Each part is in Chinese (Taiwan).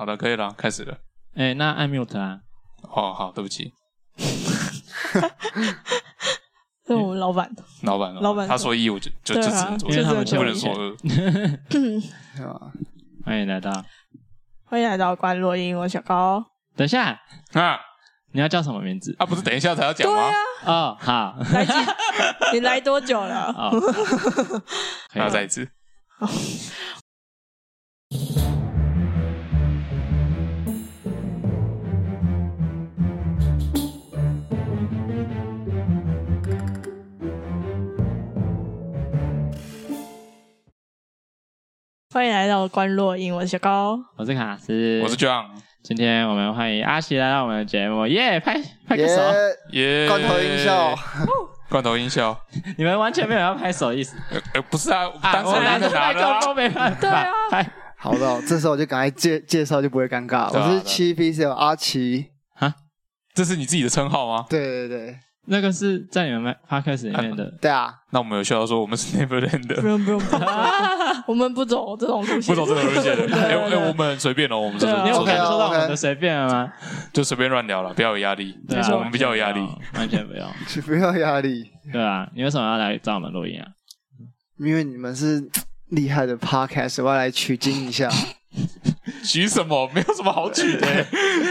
好的，可以了，開始了。哎、欸，那艾米爾啊，哦，好，對不起，這 是我們老闆老闆，老闆他說一，我就、啊、就，就，就只能做，因為他們全不能說二。 歡迎來到，歡迎來到關落音，我小高。等一下啊，你要叫什麼名字？啊，不是等一下才要講嗎？ 啊、哦，好，來， 你來多久了？啊、哦，要 再一次。 歡迎來到關落音，我是小高，我是卡斯，我是 John。今天我們歡迎阿祺來到我們的節目，耶、yeah！拍拍個手，yeah, yeah, 耶、哦！罐頭音效，罐頭音效，你們完全沒有要拍手的意思。 呃，呃，不是啊，啊我難得、啊、拍高光，沒、啊、辦、啊、對啊， 好的、哦，這時候我就趕快介介紹，就不會尷尬了。 我是七 P 有阿祺 啊，這是你自己的稱號嗎？ 對對對。那個是在你們 podcast 裡面的、啊，對啊。那我們有需要說我們是 Neverland 的，不用不用，不用 我們不走這種路線，不走這種路線的 對對對、欸欸。我們隨便哦，我們這個、啊，你有、OK, 感受到我們的隨便了嗎？就隨便亂聊了，不要有壓力對、啊，我們比較有壓力，完全不要完全不要壓 力。對啊，你為什麼要來找我們錄音啊？因為你們是厲害的 podcast，我要來取經一下。 舉什麼？沒有什麼好舉的，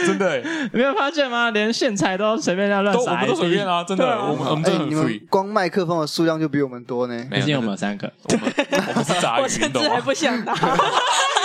真的，你沒有發現嗎？連線材都隨便亂砸，我們都隨便啊！真的，啊、我們、欸、我們很 free。光麥克風的數量就比我們多呢，畢竟我們有三個，我們， 我們是砸雲的。我甚至還不想拿。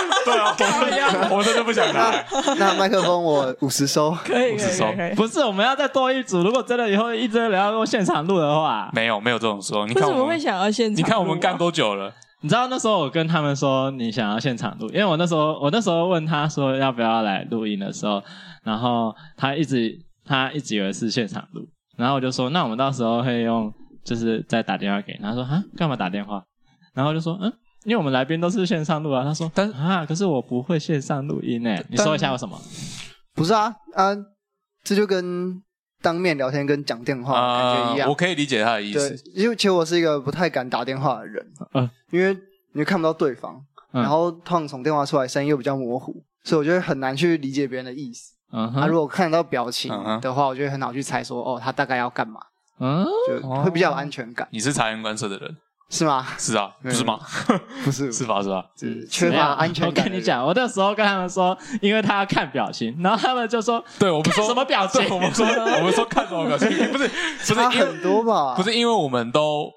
對啊，我們一樣，我真的不想拿 那麥克風我五十收，可以五十收。不是，我們要再多一組。如果真的以後一直聊到用現場錄的話，嗯、沒有沒有這種說。為什麼會想要現場、啊？你看我們幹多久了？你知道那時候我跟他們說，你想要現場錄，因為我那時候我那時候問他說要不要來錄音的時候，然後他一直他一直以為是現場錄，然後我就說那我們到時候會用，就是再打電話給他說啊幹嘛打電話，然後就說嗯，因為我們來賓都是線上錄啊，他說但啊可是我不會線上錄音呢。你說一下我什麼？不是啊啊，這就跟。當面聊天跟講電話感覺一樣，uh, 我可以理解他的意思。對，因為其實我是一個不太敢打電話的人，嗯，因為你看不到對方，嗯、然後突然從電話出來聲音又比較模糊，所以我覺得很難去理解別人的意思。嗯，他如果看得到表情的話、uh -huh，我覺得很好去猜說，哦，他大概要幹嘛，嗯、uh -huh，就會比較有安全感。Uh -huh、你是察言觀色的人？是嗎？是啊，不是嗎？ 不是，是吧是吧？是。缺乏安全感。我跟你講，我那時候跟他們說，因為他要看表情，然後他們就說：“對我們說什麼表情？啊、我們說 我們說看什麼表情？不是不是，差很多吧？不是因為我們都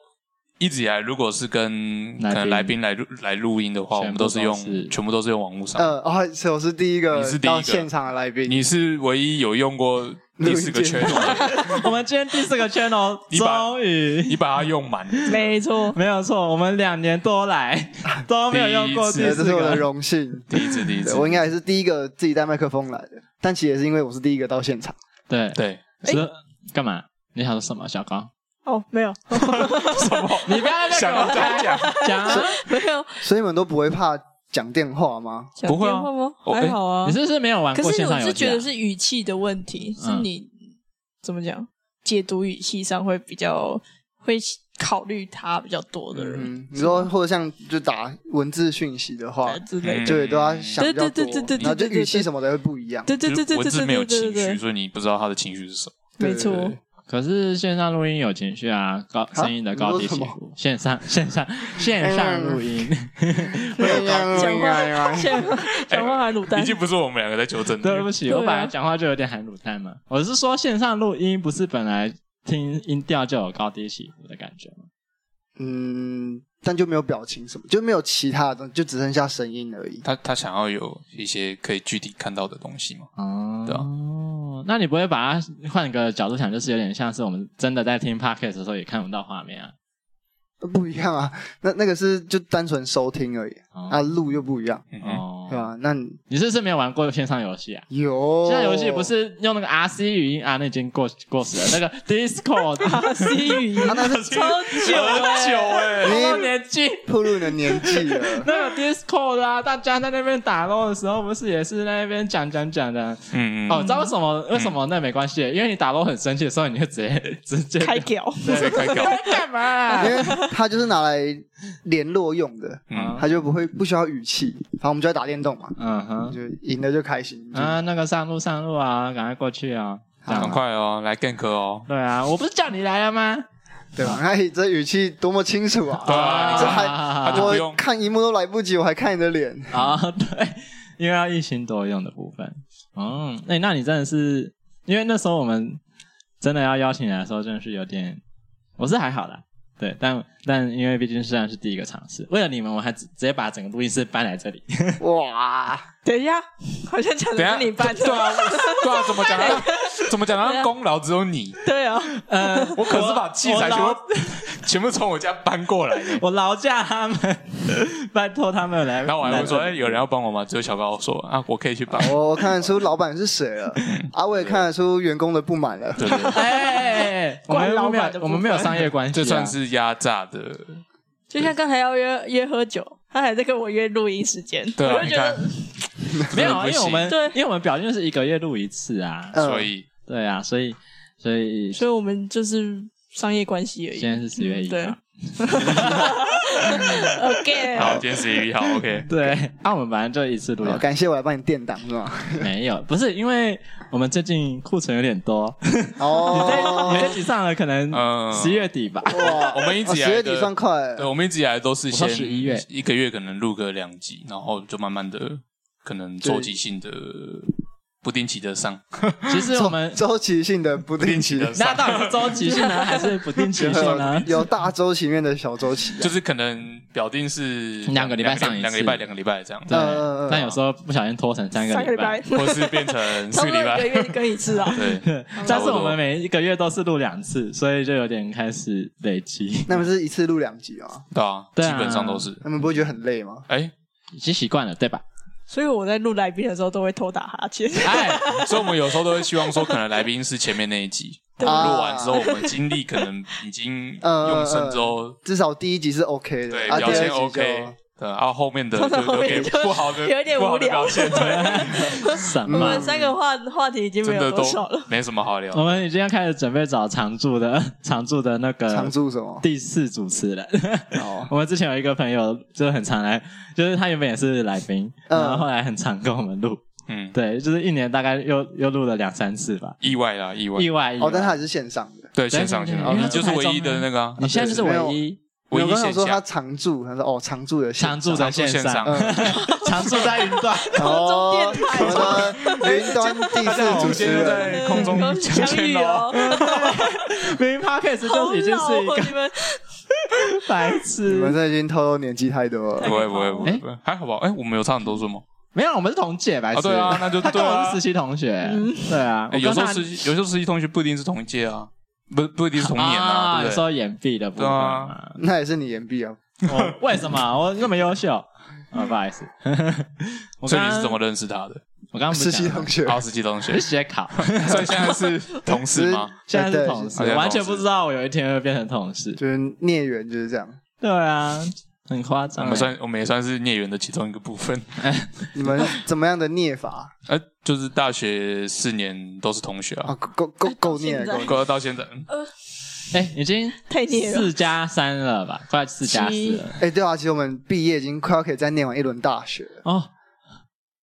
一直以來，如果是跟可能來賓來錄來，來，來錄音的話，我們都是用全部都是用網絡上。呃，哦，我是第一個，你是第一個現場的來賓，你是第一個，你是唯一有用過。”第四個 channel， 我們今天第四個 channel 終於，你把它用滿，沒錯，沒有錯。我們兩年多來都沒有用過，這是我的榮幸，第一次，第一次，我，一次一次我應該也是第一個自己帶麥克風來的。但其實也是因為我是第一個到現場。對對，幹、欸、嘛？你想說什麼，小剛。哦，沒有。哦、 什麼？你不要想，講講。沒有、啊，所以你們都不會怕。講電話嗎？講電話嗎？不會啊哦，欸、還好啊、欸。你是不是沒有玩過、啊？可是我是覺得是語氣的問題，是你、嗯、怎麼講，解讀語氣上會比較會考慮他比較多的人。你、嗯、說或者像就打文字訊息的話，對，對，對，對都要想。對對對對對對對，語氣什麼才會不一樣？對對對對對對對對，就是、文字沒有情緒，所以你不知道他的情緒是什麼。沒錯。可是線上錄音有情緒啊，高啊，聲音的高低起伏。線上線上線上錄音，沒有高，講話，講話還滷蛋，畢竟不是我們兩個在糾正的。對不起對啊，我本來講話就有點含滷蛋嘛，我是說線上錄音不是本來聽音調就有高低起伏的感覺嗎？嗯。但就沒有表情什麼，就沒有其他的東西，就只剩下聲音而已。他他想要有一些可以具體看到的東西嘛。哦、嗯，對啊，那你不會把它換個角度想，就是有點像是我們真的在聽 podcast 的時候也看不到畫面啊。不一樣啊，那那個是就單純收聽而已，哦、啊，錄又不一樣，嗯、對吧？那你，你是不是沒有玩過線上遊戲啊？有線上遊戲不是用那個 R C 語音啊，那已經過過時了。那個 Discord R C 語音，超，超久、欸、超久、欸。哎，年紀，鋪路的年紀。 那個 Discord 啊，大家在那邊打鬥的時候，不是也是在那邊講講講的。嗯，哦，知道為什麼？為什麼？那沒關係、嗯，因為你打鬥很生氣的時候，你就直接直接開屌，對，開屌幹嘛、啊？啊他就是拿來聯絡用的，uh -huh. 他就不會不需要語氣，反正我們就在打電動嘛，嗯哼，就贏了就開心啊，uh -huh. uh -huh. 那個上路上路啊、哦，趕快過去啊、哦，趕快哦，來 gank 哦，對啊， 我不是叫你來了嗎？ 對吧？哎，這語氣多麼清楚啊， 對啊，對啊 你這還看螢幕都來不及， 我還看你的臉啊，對，因為要一心多用的部分，嗯、oh, 欸，那你真的是，因為那時候我們真的要邀請你來的時候，真的是有點，我是還好啦，對，但。但因為畢竟雖然是第一個嘗試，為了你們，我還直接把整個錄音室搬來這裡。哇、啊！等一下，好像成了你搬對啊？ 對啊？怎麼講？呢？ 怎麼講？呢？功勞只有你？對啊、哦。呃我，我可是把器材全部全部從我家搬過來，我勞駕他們，拜托他們來。然後我還會說：“哎、欸，有人要幫我嗎？”只有小高說：“ 啊，我可以去幫。”我看得出老闆是誰了， 啊，我也看得出員工的不滿了對對對。哎， 我們沒有 老不不，我們沒有商業關係、啊，這算是壓榨的。就像剛才要約約喝酒，他還在跟我約錄音時間，對，我就覺得沒有啊，因為我們對，因為我們表現是一個月錄一次啊，呃、所以對啊，所以所以所以我們就是商業關係而已。現在是十月一號。嗯對 OK，好，今天十一月一號，好，OK。對，那、okay. 啊、我們本來就一次錄了，oh, 感謝我來幫你墊檔是嗎？ 沒有，不是，因為我們最近庫存有點多， 你這你這集上了，可能十月底吧。嗯、 哇，我們一直以來，十、哦、月底算快。對，我們一直以來都是先十一月一個月，可能錄個兩集，然後就慢慢的，可能週期性的。不定期的上，其實我們周、週期性的不定期的上，那到底是週期性呢？啊， 還是不定期的上呢？啊？有大週期面的小週期、啊，就是可能表定是兩個禮拜上，兩個禮拜兩個禮拜、拜、拜這樣，呃，但有時候不小心拖成三個禮拜、拜，或是變成四個禮拜一個月跟一次啊。 對，但是我們每一個月都是錄兩次，所以就有點開始累積。那不是一次錄兩集啊？對啊，對啊，基本上都是。他們不會覺得很累嗎？哎、欸，已經習慣了，對吧？所以我在錄來賓的時候都會偷打哈欠，哎，所以我們有時候都會希望說，可能來賓是前面那一集，等 我錄完之後，我們精力可能已經用盡之後、嗯嗯嗯，至少第一集是 OK 的，對，啊、表現 OK、啊。對，然、啊、後面的有點不好，的， 有點無聊的 什麼。我們三個話話題已經沒有多少了，沒什麼好聊。我們已經要開始準備找常駐的、常駐的那個常駐什麼第四主持人。Oh. 我們之前有一個朋友，就是很常來，就是他原本也是來賓，uh. 然後後來很常跟我們錄。嗯，對，就是一年大概又又錄了兩三次吧，意外啦，意外，意外哦、oh，但他還是線上，的。對線上線上你就是唯一的那個、啊，你現在就是唯一。我一有朋友說他常駐他說哦，常駐的常駐在線上，常駐在雲、嗯、端。哦， 雲端，雲端，他是主持人在空中聊天哦。哈哈哈哈哈。明明 podcast 就已經是一個、哦、你們白痴，我們這已經偷偷年紀太多了、欸欸。不會不會不會，還好吧？哎、欸，我們有差很多歲嗎？沒有，我們是同屆白痴啊。對啊，那就對、啊、他跟我是實習同學、嗯，對啊。有時候實習，有時候實習同學不一定是同一屆啊。不不，不一定是同年啊，啊對對！有時候延畢的，啊，不、啊，啊那也是你延畢啊？ Oh, 為什麼我那麼優秀？Oh, 不好意思， 所以你是怎麼認識他的？我剛實習同學，好，實習同學寫 寫考 所以現在是同事嗎？ 現在是同事，欸、同事完全不知道，我有一天會變成同事，就是孽緣就是這樣。 對啊。很誇張、欸，我們算我們也算是孽緣的其中一個部分。哎， 你們怎麼樣的孽法？哎、欸，就是大學四年都是同學啊，夠夠夠孽，夠夠到，到現在。呃，哎、欸，已經太孽了，四加三了吧，快四加四了。哎、欸，對啊，其實我們畢業已經快要可以再念完一輪大學了。哦，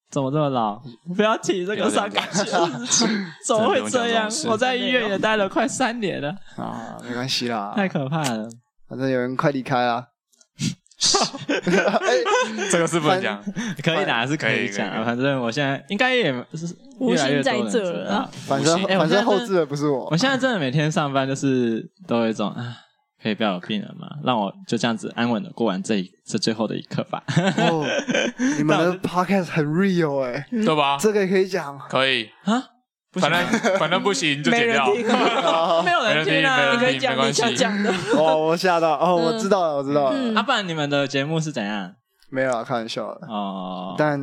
怎麼這麼老？嗯、不要提這個傷感情。怎麼會這樣？這我在醫院也待了快三年了啊，沒關係啦，太可怕了。反正有人快離開了。 欸、這個是不能講，可以講、啊、是可以講可以可以。反正我現在應該也是，無心在這了啊。反正反正後置的不是我，我現在真的每天上班就是都有一種啊，可以不要有病人嘛，讓我就這樣子安穩的過完這一這最後的一刻吧。 哦、你們的 podcast 很 real 哎、欸， 對吧？這個也可以講，可以啊。反正反正不行就剪掉，沒， 沒有人啦，沒人聽啊，你可以講一下講的。 哦，我嚇到哦，我知道了，嗯、我知道了。嗯，阿、啊、不然你們的節目是怎樣？沒有啊，開玩笑的哦。但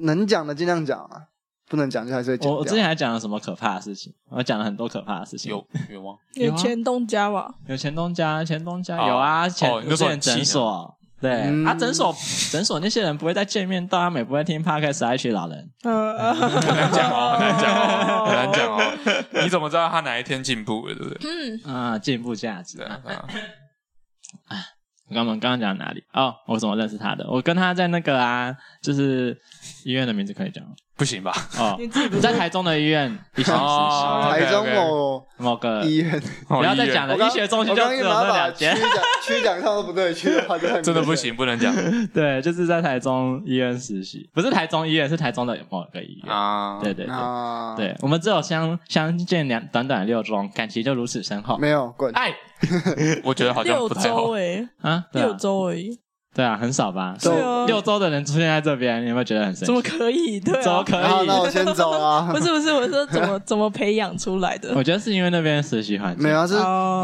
能講的盡量講啊，不能講就還是我，我之前還講了什麼可怕的事情？我講了很多可怕的事情，有有嗎？有前東家吧？有前東家，前東家有啊，哦、前私人診所。對啊，診所診所那些人不會再見面，到他們也不會聽 Parkers 愛去老人，嗯 很難講哦。很難講哦，很難講哦，很難講哦。你怎麼知道他哪一天進步的？對不對？嗯啊，進步價值 啊。哎，我剛剛講哪裡？哦，我怎麼認識他的？我跟他在那個啊，就是醫院的名字可以講嗎？不行吧？哦，在台中的醫院，醫生實習台中某 okay okay 某，個某，個某，個某個醫院，不要再講了。醫，醫學中心就有那兩間，去兩間都不對，去的話就很真的不行，不能講。 對，就是在台中醫院實習， 不是台中醫院，是台中的某個醫院啊。對對對，對、啊，我們只有相相見兩短短的六周，感情就如此深厚。沒有滾愛，我覺得好像不太好。六周而已啊，六周而已。對啊，很少吧？六週、哦、的人出現在這邊，你有沒有覺得很神奇？怎麼可以？對、啊，怎麼可以？那我先走了啊！ 不是不是，我是說怎麼 怎麼培養出來的？我覺得是因為那邊實習環境，沒有啊，是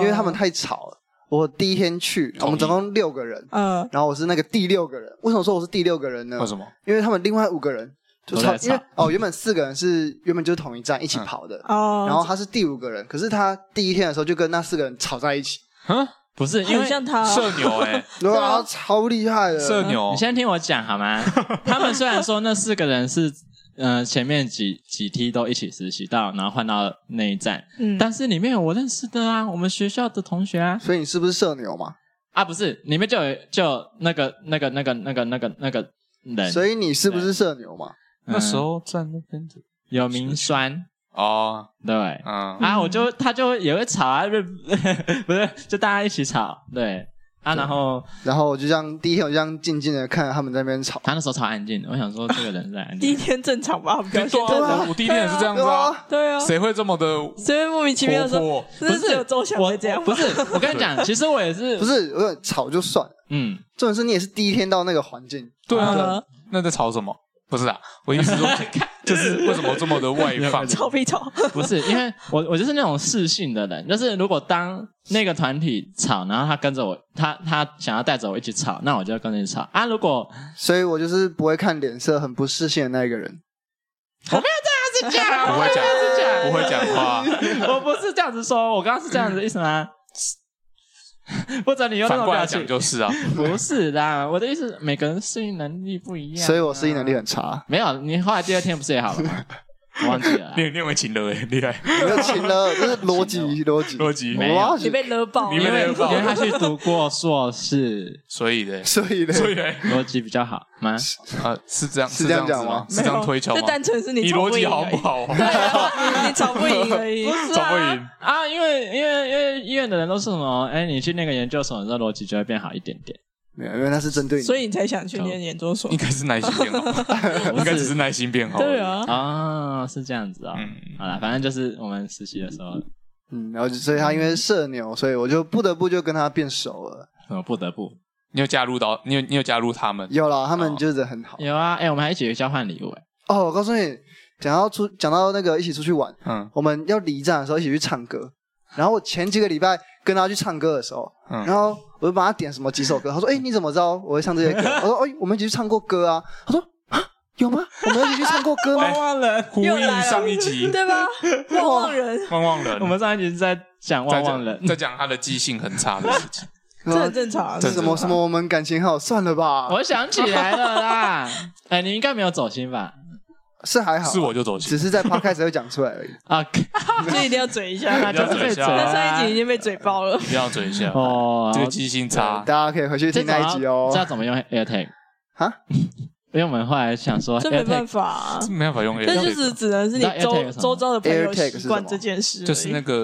因為他們太吵了。我第一天去、嗯、哦，我們總共六個人，嗯，然後我是那個第六個人、嗯。為什麼說我是第六個人呢？為什麼？因為他們另外五個人就吵，吵因為哦，原本四個人是原本就是同一站一起跑的哦、嗯，然後他是第五個人、嗯，可是他第一天的時候就跟那四個人吵在一起，嗯。不是因為像他社牛哎、欸，對啊，超厲害的社牛。你先聽我講好嗎？ 他們雖然說那四個人是，嗯、呃，前面幾幾梯都一起實習到，然後換到那一站，嗯，但是裡面有我認識的啊，我們學校的同學啊。所以你是不是社牛嘛？啊，不是，裡面就有就有那個那個那個那個那個那個人。所以你是不是社牛嘛、嗯？那時候在那邊有名酸。哦、oh，對，嗯，啊，我就他就也會吵啊，就 不是，就大家一起吵，對，啊，然後然後我就這樣第一天，我就這樣靜靜的看他們在那邊吵，他那時候吵安靜，我想說這個人是安靜。第一天正常吧？常，對啊，我第一天也是這樣子啊，啊，對啊，誰會這麼的婆婆？誰會莫名其妙的說是不，是我我這樣不是？我跟你講，其實我也是，不是，我吵就算，嗯，重點是你也是第一天到那個環境，對，啊，對，啊，對啊，那在吵什麼？不是啊，我意思是可以看。 就是為什麼這麼的外放吵？沒吵？臭屁臭？不是，因為我我就是那種識相的人，就是如果當那個團體吵，然後他跟着我，他他想要帶着我一起吵，那我就跟着吵啊。如果，所以我就是不會看臉色，很不識相的那一個人。我沒有這樣子講，不會這樣子講，不會講話。 我不是這樣子說，我剛剛是這樣子的意思嗎？ 或 者你用這種表情就是啊， 不是的啦， 我的意思，每個人適應能力不一樣，啊，所以我適應能力很差。 沒有，你後來第二天不是也好了嗎？ 忘記了啦，你有，你有沒有請了，哎，厲害，你的請了，這邏輯，邏輯，邏輯，沒有，你被勒爆、啊，你被勒爆、啊，因為他去讀過碩士，所以的，所以的，所以邏輯比較好，嗎？啊，是這樣，是這樣講嗎，嗎？這樣推敲，就單純是你邏輯好不好、啊？啊、 你找吵不贏而已。吵不贏啊，啊！因為因為因為，因為醫院的人都是什麼？哎，你去那個研究所，時候邏輯就會變好一點點。沒有，因為那是針對你，所以你才想去念研究所，哦。應該是耐心變好， 應該只是耐心變好。對啊，啊、哦，是這樣子啊，哦。嗯，好了，反正就是我們實習的時候了，嗯，然後就所以他因為社牛、嗯，所以我就不得不就跟他變熟了。什麼不得不？你有加入到？你有你有加入他們？有了，啊，他們就是很好，哦。有啊，哎、欸，我們還一起去交換禮物。哦，我告訴你，講到出講到那個一起出去玩，嗯，我們要離站的時候一起去唱歌，然後前幾個禮拜。跟他去唱歌的時候，嗯、然後我就幫他點什麼幾首歌，他說：“哎、欸，你怎麼知道我會唱這些歌。 ”我說：“誒、哎、我們一起去唱過歌啊。”他說：“啊，有嗎？我們一起去唱過歌嗎？汪汪人”忘忘人呼應上一集，對吧？忘忘人，忘忘人。我們上一集是在講忘忘人在，在講他的記性很差的事情， 這很正常。這是什麼什麼？我們感情好， 算了吧。我想起來了啦，哎、 欸，你應該沒有走心吧？是還好、啊，是我就走只是在趴開始又講出來而已啊， Okay 所以一定要嘴一下，他就是被嘴。那、啊、上一集已經被嘴爆了，啊、不要嘴一下 這性哦。個記性差，大家可以回去聽那一集哦，知道怎，、啊、怎麼用 AirTag，啊。哈，因為我們後來想說，這沒辦法、啊，這沒辦法用 AirTag，但就是只能是你周周遭的朋友去關這件事。就是那個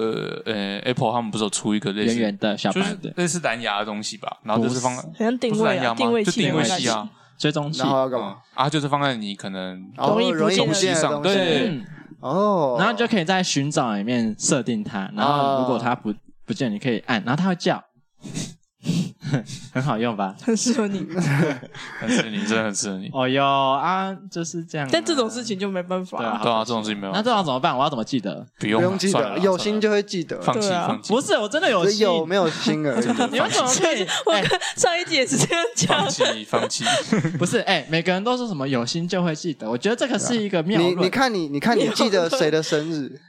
呃、欸、Apple 他們不是有出一個類似遠遠的小就的、是、類似藍牙的東西吧？然後就是放，好像定位啊，定位器啊。追蹤器，然後幹嘛、嗯、啊？就是放在你可能容易不見的東西上，對，哦，然後你就可以在尋找裡面設定它，然後如果它不、哦、不見，你可以按，然後它會叫。 很好用吧？很適合你，很適合你，真的很適合你。哦喲啊，就是這樣、啊。但這種事情就沒辦法、啊，對，對啊，對啊對，這種事情沒有辦法。那這樣怎麼辦？我要怎麼記得？不用、啊，不用記得，有心就會記得。放棄、啊，放棄。不是，我真的有心有沒有心啊？ 你們怎麼可以？我跟上一集也是這樣講。 放棄，放棄。不是，哎、欸，每個人都說什麼有心就會記得。我覺得這個是一個謬論、啊。你，你看，你，你看，你記得誰的生日？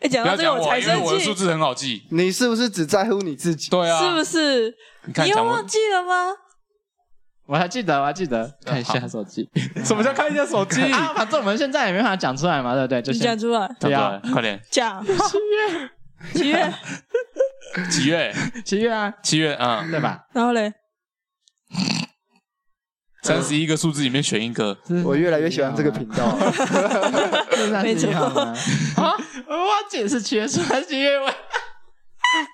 哎、欸，講到這我才生氣，因為我的數字很好記。你是不是只在乎你自己？對啊，是不是？你，你，忘你又忘記了嗎？我還記得，我還記得，看一下手機、嗯。什麼叫看一下手機？啊，反正我們現在也沒辦法講出來嘛，對不對？就講出來，對啊，對啊快點講。七月， 七月，七月，七月啊，七月啊，對、嗯、吧？然後嘞，三十一個數字裡面選一個。我越來越喜歡這個頻道、啊。 十三號沒 啊！我解釋清是因為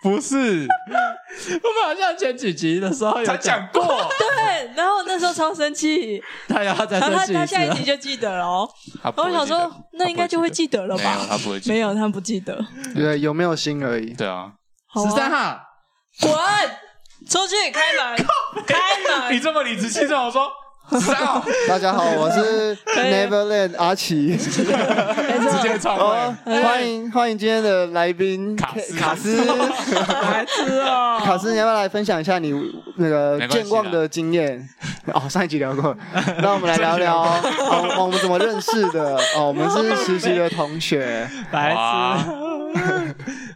不是，我們好像前幾集的時候有講過。 對，然後那時候超生氣，然他要再他下一集就記得了。我想說，那應該就會記得了吧？他不會記， 沒， 沒有他不記得 ，對，有沒有心而已。對啊，十三號，滾出去！開門，開門！ 你這麼理直氣壯，我說。 大家好，我是 Neverland 阿奇。 直接唱、哦。歡迎歡迎今天的來賓卡斯，卡斯，卡斯， 卡斯你要不要來分享一下你那個健忘的經驗？哦，上一集聊過， 那我們來聊聊、 哦、我們怎麼認識的 哦，我們是實習的同學， 白痴。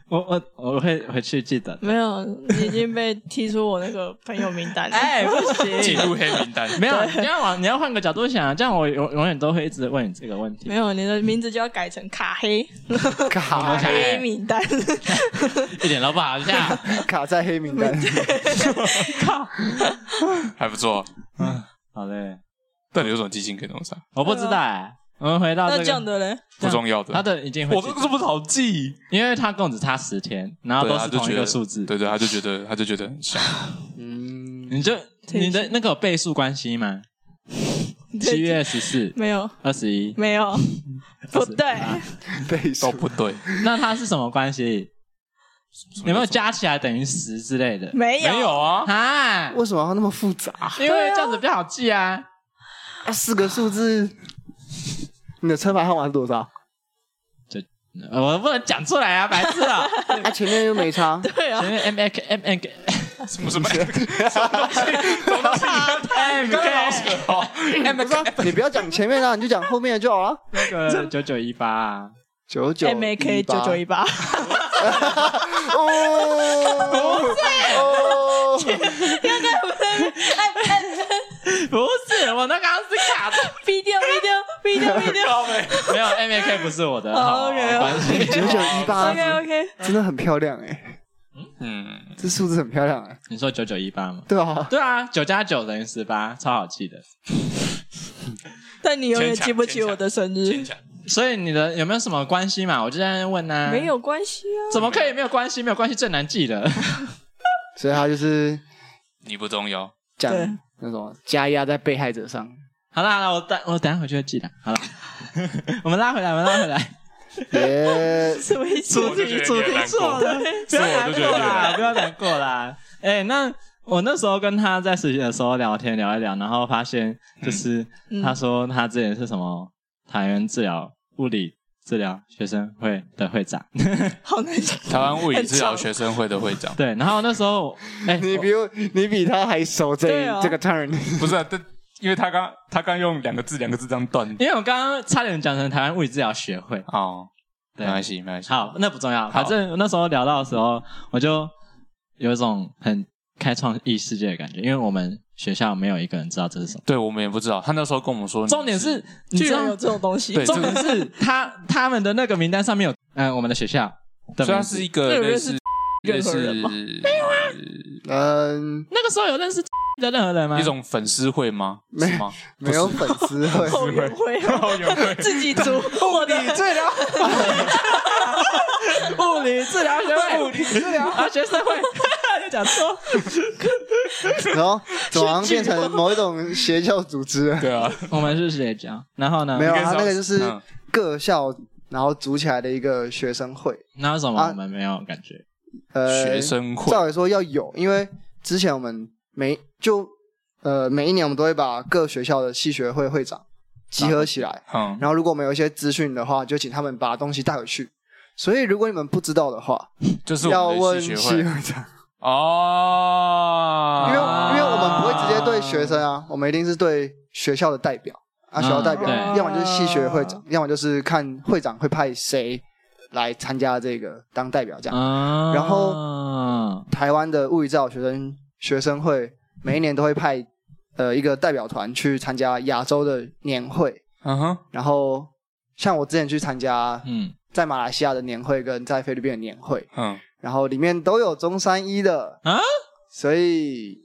我我我會回去記得，沒有，你已經被踢出我那個朋友名單了。哎、 欸，不行，進入黑名單，沒有，你要往你要換個角度想，這樣我永永遠都會一直問你這個問題、嗯。沒有，你的名字就要改成卡黑，卡黑，黑名單， 一點都不好笑，卡在黑名單裡面，卡，還不錯，嗯，好嘞，但你有種基金可以弄上，我不知道哎、欸。我們回到這，那這樣的嘞，不重要的。他的已經會，我這個是不是好記？因為他跟我只差十天，然後都是同一個數字。對、啊、對，對，他就覺得，他就覺得小，嗯，你就你的那個有倍數關係嗎？七月二十四沒有，二十一沒有，28，不對，倍 數不對。 那他是什麼關係？有沒有加起來等於十之類的？沒有，沒有啊、哦、啊！為什麼要那麼複雜？因為這樣子比較好記啊，四、啊、個數字。啊你的車牌號碼是多少？這我不能講出來啊，白痴啊！ 啊前面又沒差， 對啊，前面 M A K，什麼 M K，麼 M A K，, 不 M -A -K 你不要講前面的、啊，你就講後面的就好了。那個九九一八，九 九 M A K 九九一八， 哦，不 前面笑 好美 沒有，有，M A K 不是我的。o k o k 九九一八，OK，OK，真的很漂亮哎、欸 okay, okay, 嗯欸嗯。嗯，這數字很漂亮哎、欸嗯。你說九九一八嗎？對啊。對啊，九加九等於十八，超好記的。 但你永遠記不起我的生日。所以你的有沒有什麼關係嘛？我就在那問啊。沒有關係啊。怎麼可以沒有關係？沒有關係，有關係，有關係最難記的。 所以他就是你不重要。講那種加壓在被害者上。好啦好了，我等我等下回去會記得好啦 我們拉回來，我們拉回來。主題主題錯了，不要難過，不要難過啦。哎、 欸，那我那時候跟他在實習的時候聊天聊一聊，然後發現就是、嗯、他說他之前是什麼、嗯、台灣治療物理治療學生會的會長，好難講。台灣物理治療學生會的會長， 對。然後那時候，哎、欸，你比如我你比他還熟這、哦、這個 turn， 不是啊。啊 對因為他剛他剛用兩個字兩個字這樣斷，因為我剛剛差點講成台灣物理治療學會哦。對，沒關係沒關係，好，那不重要，反正我那時候聊到的時候，我就有一種很開創異世界的感覺，因為我們學校沒有一個人知道這是什麼。對，我們也不知道，他那時候跟我們說你，重點是你知道有這種東西，對，重點是他 他，他們的那個名單上面有，嗯、呃，我們的學校對，雖然是一個認識任何人嗎？沒有啊，嗯，那個時候有認識。在任何人嗎？一種粉絲會嗎？沒什麼沒有粉絲會，後援會，後援會，自己組 物理治療理 治學會， 治學會、 啊，物理治療啊學生會，哈哈哈哈哈。然後，怎麼變成某一種邪教組織？ 對啊，我們是邪教。然後呢？沒有，他那個就是各校、嗯、然後組起來的一個學生會。那什麼我們沒有感覺？啊、呃，學生會。照理說要有，因為之前我們。每就呃每一年我們都會把各學校的系學會會長集合起來、啊，嗯，然後如果我們有一些資訊的話，就請他們把東西帶回去。所以如果你們不知道的話，就是我們的要問系學會長哦，因為因為我們不會直接對學生啊，啊我們一定是對學校的代表、嗯、啊，學校代表對，要麼就是系學會長、啊，要麼就是看會長會派誰來參加這個當代表這樣。啊、然後、嗯、台灣的物理治療學生學生會每一年都會派，呃，一個代表團去參加亞洲的年會。嗯哼。然後像我之前去參加，嗯，在馬來西亞的年會跟在菲律賓的年會，嗯、Uh-huh.，然後裡面都有中山醫的啊。Uh-huh. 所以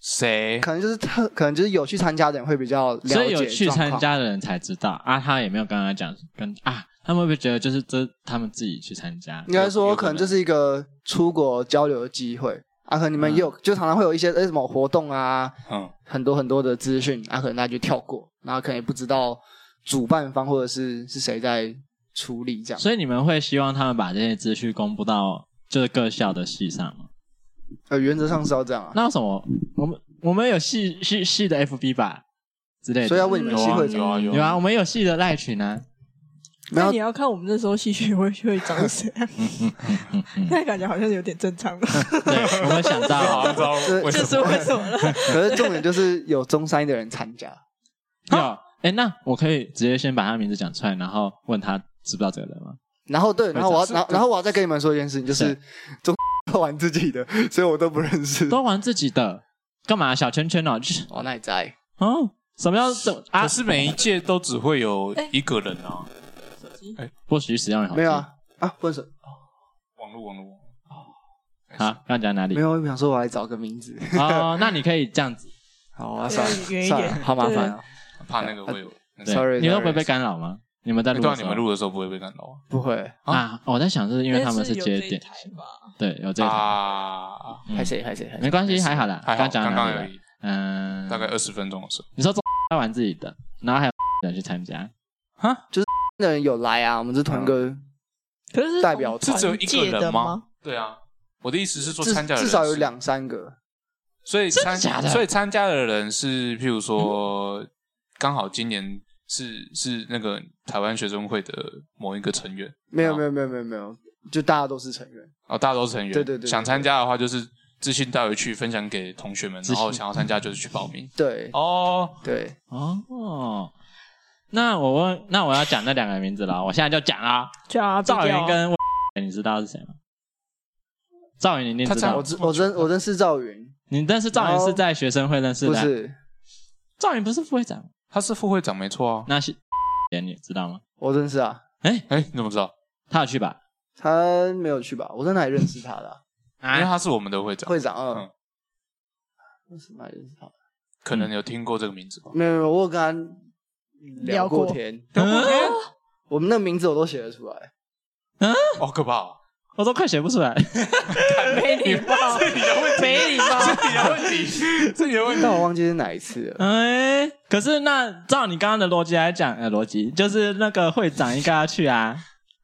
誰可能就是特，可能就是有去參加的人會比較了解狀況。所以有去參加的人才知道啊，他也沒有剛剛講跟啊，他們會不會覺得就是這是他們自己去參加？應該說可能這是一個出國交流的機會。啊，可能你們也有，嗯、就常常會有一些、欸、什麼活動啊，嗯、很多很多的資訊，啊，可能大家就跳過，然後，啊，可能也不知道主辦方或者是是誰在處理這樣。所以你們會希望他們把這些資訊公布到就是各校的系上嗎？呃，原則上是要這樣。啊。那什麼，我們我們有系系系的 FB 吧之類的，所以要問你們系會有啊，有啊，有啊，有啊，我們有系的 LINE 群啊。那你要看我們那時候戲劇會會長誰、啊，現 在感覺好像有點正常 對我們想到、喔，不知道為什麼，為什麼了。可是重點就是有中山的人參加。啊 哎、欸，那我可以直接先把他名字講出來，然後問他知不知道這個人嗎？然後對，然後我要然後，然後我要再跟你們說一件事情，就是，是中山都玩自己的，所以我都不認識。都玩自己的，幹嘛、啊？小圈圈哦、啊，那也在？哦，什麼要？什啊？可是每一屆都只會有一個人啊？哎、欸，或許使用也好。沒有啊啊，網絡，網絡。啊，剛剛講哪裡？沒有，我想說我來找個名字。哦，那你可以這樣子。 好啊，sorry，好麻煩、啊。怕那個會，sorry、啊。你們不會被干擾嗎、啊？你們在路上，欸、你們錄的時候不會被干擾嗎、啊欸啊？不會啊，我在想是因為他們是接電台，對，有這台。啊，還行、啊嗯，還行，沒關係，還好，還好剛剛了。剛講哪裡？嗯、呃，大概二十分鐘的時候，你說做完自己的，然後還有人去參加，哈，就是。那人有來啊，我們是團哥、嗯，可是代表、哦、是只有一個人嗎？嗎？對啊，我的意思是說參加的人是，參加人至少有兩三個，所以參所以參加的人是，譬如說，剛、嗯、好今年是是那個台灣學生會的某一個成員，沒有沒有沒有沒有沒有，就大家都是成員，哦，大家都是成員，對對對、對、對、對、對，想參加的話就是資訊帶回去分享給同學們，然後想要參加就是去報名，對，哦，對，哦、啊。那我問，那我要講那兩個名字了，我現在就講啊。對啊，趙云跟，你知道是誰嗎？趙云你一定知道。他我知我認我認識趙云。你認識趙云是在學生會認識的。不是，趙云不是副會長，他是副會長沒錯啊。那些，你知道嗎？我認識啊。哎、欸、哎、欸，你怎麼知道？他有去吧，他沒有去吧？我在哪裡認識他的、啊欸？因為他是我們的會長。會長啊。我怎麼認識他的？嗯、可能有聽過這個名字吧？沒有沒有，我有跟他。聊過天，聊過天，嗯、我們那個名字我都寫得出來，嗯、啊，好、哦、可怕，我都快寫不出來， 你沒禮貌，是你的問題，沒禮貌，是你的問題，是 你的問題。但我忘記是哪一次了。哎、嗯，可是那照你剛剛的邏輯來講，哎、呃，邏輯就是那個會長應該要去啊，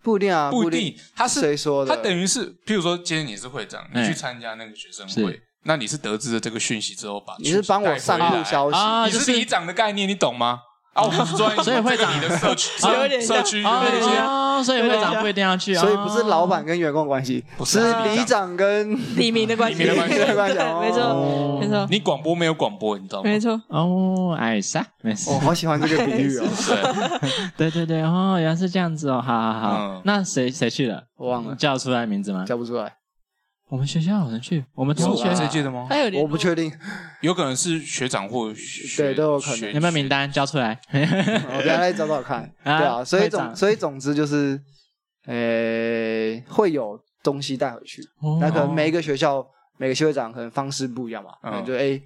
不一定啊，不一定，定。他是誰說的？他等於是，譬如說今天你是會長，你去參加那個學生會，嗯、那你是得知了這個訊息之後把你是幫我散布消息啊、就是，你是里長的概念，你懂嗎？哦，不 所以會長、這個你的 search, 啊、有點社區，有啊，所以會長不一定要去，所以不是老闆跟員工的關係，不是、啊、是里長跟里民的關係，里民的關係，對，沒、哦、錯，沒錯、哦。你廣播沒有廣播，你知道嗎？沒錯，哦，哎呀，沒事，我、哦、好喜歡這個比喻哦。對，對對對，哦，原來是這樣子哦，好好好。嗯、那誰誰去了？我忘了叫出來名字嗎？叫不出來。我們學校有人去，我們同學去的嗎？我不確定，有可能是學長或學，學，學對，都有可能。有沒有名單交出來？ 我等下再來找找看。對啊，啊、所以總所以總之就是，誒，會有東西帶回去、哦。那可能每一個學校每個學長可能方式不一樣嘛、哦，欸、可能就 A，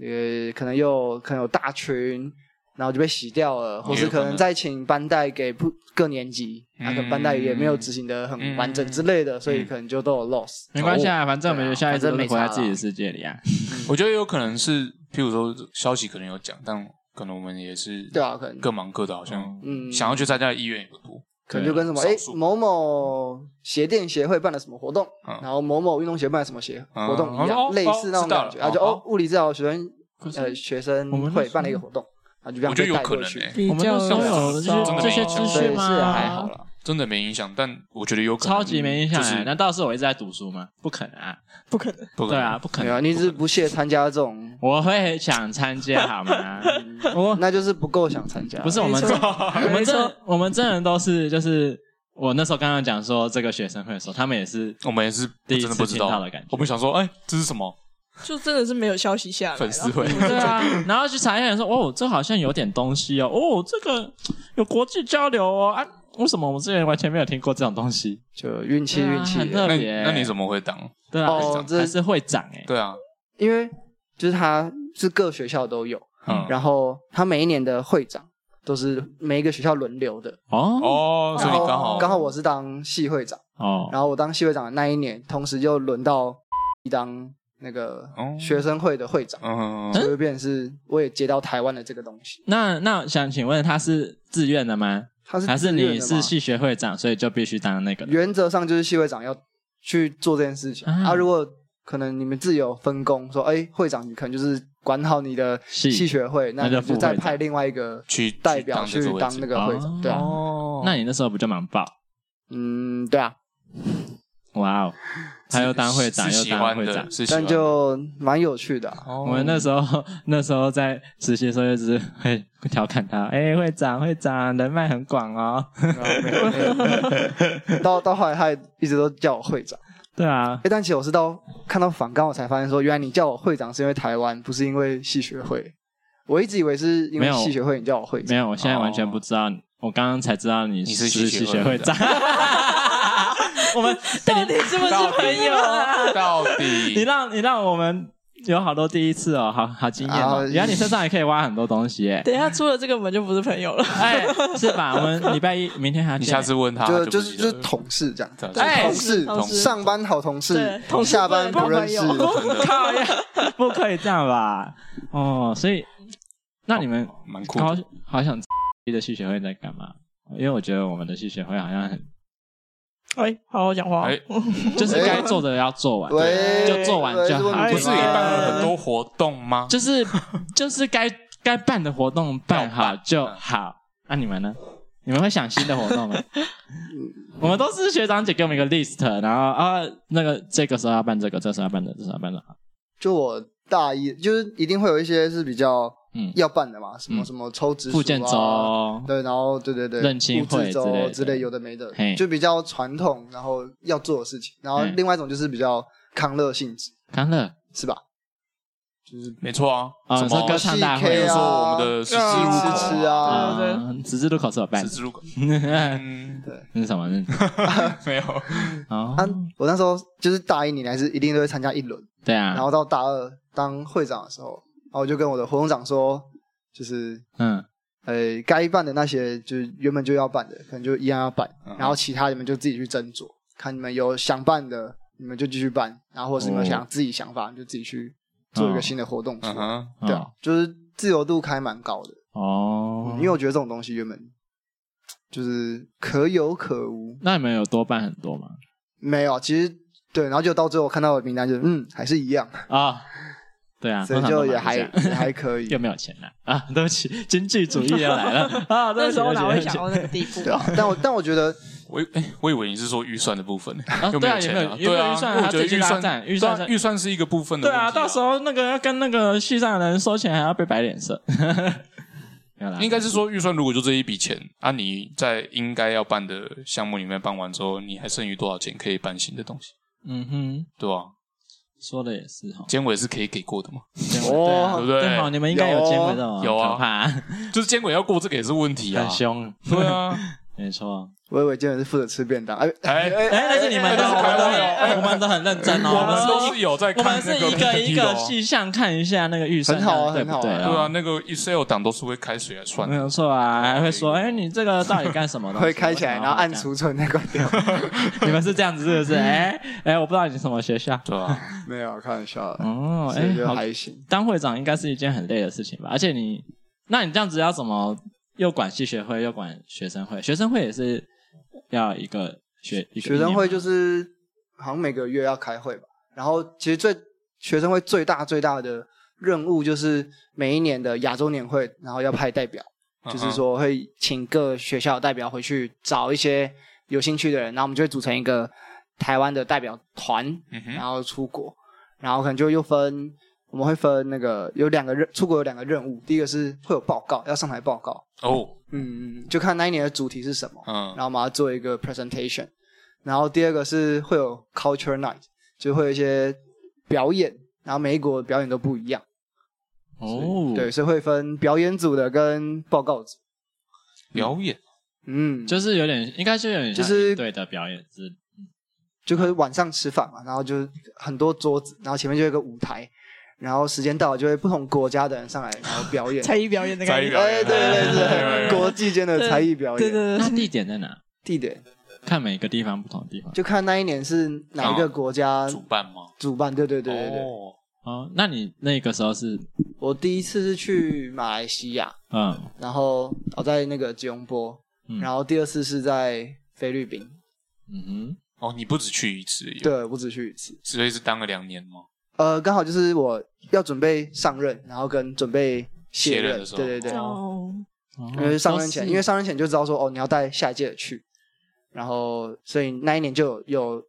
呃，可能又，可能有大群。然後就被洗掉了，或是可能再請班代給不各年級，那、啊、個班代也沒有執行得很完整之類的、嗯，所以可能就都有 loss。沒關係啊、哦、啊，反正我們現在都活在自己的世界裡啊、嗯。我覺得有可能是，譬如說消息可能有講，但可能我們也是對啊，各忙各的，好像嗯，想要去參加的意願也不多、啊。可能就跟什麼哎，某某鞋店協會辦了什麼活動，嗯、然後某某運動鞋辦了什麼鞋、嗯、活動一樣、然後、哦，類似那種感覺、哦、啊，就哦、哦，物理治療學生呃學生會辦了一個活動。我覺得有可能呢、欸。我們都有這些知識嗎？還好了，真的沒影響、啊，但我覺得有可能。超級沒影響、啊就是，難道是我一直在讀書嗎？不可能，啊。不可能，不可能對啊，不可能啊！不可能你是不屑參加這種？我會想參加好嗎？哦， 那就是不夠想參加。 不是我們這，我們這，我們真， 我們真，我們真人都是就是我那時候剛剛講說這個學生會的時候，他們也是，我們也是不真的不第一次知道的感覺。我們想說，哎、欸，這是什麼？就真的是沒有消息下來，粉絲會對啊，然後去查一下人說，喔，這好像有點東西哦，哦，這個有國際交流喔，啊，為什麼我們之前完全沒有聽過這種東西？就運氣運氣，那那你怎麼會當？對啊，哦，還是會長哎，對啊，因為就是他是各學校都有，嗯，然後他每一年的會長都是每一個學校輪流的。哦，所以剛好剛好我是當系會長哦，然後我當系會長的那一年，同時就輪到，嗯，當。那個學生會的會長，oh, oh, oh, oh. 所以變成是我也接到台灣的這個東西。嗯、那那想請問他是自願的嗎？他是自願的嗎？還是你是系學會長，所以就必須當那個。原則上就是系會長要去做這件事情啊。啊，如果可能你們自由分工，說哎、欸，會長你可能就是管好你的系學會，那，你就會那就再派另外一個去代表去當那個會長、哦。對啊，那你那時候不就忙爆？嗯，對啊。哇、wow、哦。他又當會長，又當會長，但就蠻有趣的、啊。Oh, 我們那時候，那時候在實習的時候，就是會調侃他：“哎、欸，會長，會長，人脈很廣哦、喔。Okay, 欸”沒沒有有到到後來，他一直都叫我會長。對啊，哎、欸，但其實我是到看到訪綱，我才發現說，原來你叫我會長是因為台灣，不是因為系學會。我一直以為是因為系學會，你叫我會長。沒有，我現在完全不知道。Oh. 我剛剛才知道你是系學會長。 我們到底是不是朋友、啊？到底，到底你讓你讓我們有好多第一次哦，好好驚豔哦！原、呃、來你身上也可以挖很多東西耶！等一下出了這個門就不是朋友了，哎、欸，是吧？我們禮拜一明天還要。 你下次問他，就他就，就是就是同事這樣子，同事同事上班好同事，下班不，不認識，不可以這樣，不可以這樣吧？哦，所以那你們蠻酷的，好想好想你的系學會在幹嘛？因為我覺得我們的系學會好像很。哎，好好講話。哎， 就是該做的要做完，哎、對、哎，就做完就好。好、哎。不是也辦了很多活動嗎？嗯、就是就是該該辦的活動辦好就好。那、啊啊、你們呢？你們會想新的活動嗎？ 我們都是學長姐給我們一個 list，然後啊，那個這個時候要辦這個，這個、時候要辦的，這個、時候要辦的。就我大一，就是一定會有一些是比較。嗯，要辦的嘛，什麼、嗯、什麼抽紙、啊、附件招，對，然後對對對，認親會之類,的之類的有的沒的，就比較傳統，然後要做的事情。然後另外一種就是比較康樂性質，康樂是吧？就是沒錯啊、哦，什麼歌唱大會啊，吃吃吃啊，十字路口試要辦，哈、啊、哈、啊，對,對,對，那什麼，哈哈， 嗯、 對 沒有啊。 我那時候就是大一，你來是一定都會參加一輪，對啊。然後到大二當會長的時候。然後我就跟我的活動長說，就是，嗯，誒、欸、該辦的那些，就是原本就要辦的，可能就一樣要辦。嗯嗯。然後其他你們就自己去斟酌，看你們有想辦的，你們就繼續辦。然後或者是你們想、哦、自己想法，就自己去做一個新的活動出來。嗯、對、嗯，就是自由度還蠻高的。哦、嗯，因為我覺得這種東西原本就是可有可無。那你們有多辦很多嗎？沒有，其實對。然後就到最後我看到我的名單就，就是嗯，還是一樣啊。哦對啊，所以就也還也還，也還可以， 又沒有錢了 啊！對不起， 經濟主義要來了 啊！那時候哪會想到那個地步，啊？ 對啊，但我但我覺得，我哎、欸，我以為你是說預算的部分，又沒有錢了、啊啊啊，對啊，因為我覺得預算、預算、預、啊、算是一個部分的。對啊，到時候那個要跟那個系上的人收錢，還要被擺臉色。 沒有啦，應該是說預算，如果就這一筆錢啊，你在應該要辦的項目裡面辦完之後，你還剩餘多少錢可以辦新的東西？嗯哼，對啊說的也是哈，監委是可以給過的嘛？對啊、oh，對不、啊、對？好，你們應該有監委的嘛、喔？有啊，啊啊、 就是監委要過這個也是問題啊，很凶，對啊， 對啊沒錯，我以為今天是負責吃便當。哎哎哎，而、欸、且、欸欸欸、你們都是、欸、很、欸，我們都很認真哦。欸、我們都是有在看我們是，那個，我們是一個一個細項看一下那個預算。很好很好對對、啊，對啊，那個 Excel 檔都是會開水來算的。沒有錯啊，還會說哎、okay. 欸，你這個到底幹什麼呢？ 會開起來，然後按儲 存那個點。 你們是這樣子是不是？哎、欸、哎、欸，我不知道你什麼學校。 對啊，沒有，開玩笑哦。哎、欸，還行。當會長應該是一件很累的事情吧？而且你，那你這樣子要怎麼？又管系學會，又管學生會。學生會也是要一個學。一個一學生會就是好像每個月要開會吧。然後其實最學生會最大最大的任務就是每一年的亞洲年會，然後要派代表，就是說會請各學校代表回去找一些有興趣的人，然後我們就會組成一個台灣的代表團，然後出國，然後可能就又分。我們會分那個有兩個任出國，有兩個任務。第一個是會有報告，要上台報告。哦，嗯嗯，就看那一年的主題是什麼，uh. 然後我們要做一個 presentation。然後第二個是會有 culture night，就會有一些表演，然後每一國的表演都不一樣。哦、oh.，對，所以會分表演組的跟報告組、oh.。表演，嗯，就是有點，應該是有點，就是對的表演、就是、是，就可以晚上吃飯嘛，然後就很多桌子，然後前面就有一個舞台。然後時間到了，就會不同國家的人上來，然後表演才藝 表演那個表演、欸、對，對，對對對， 對對對對國際間的才藝表演。 對，對，對對那地點在哪？地點看每個地方不同的地方，對對對對就看那一年是哪一個國家、哦、主辦嗎？主辦，對對對對對。哦，那你那個時候是？我第一次是去馬來西亞，嗯，然後我在那個吉隆坡、嗯，然後第二次是在菲律賓。嗯哼，哦，你不只去一次耶？對，不止去一次。所以是當了兩年嗎？呃，剛好就是我要準備上任，然後跟準備卸任，卸任的時候對對對、哦、嗯，因為上任前，因為上任前就知道說，哦，你要帶下一屆的去，然後所以那一年就有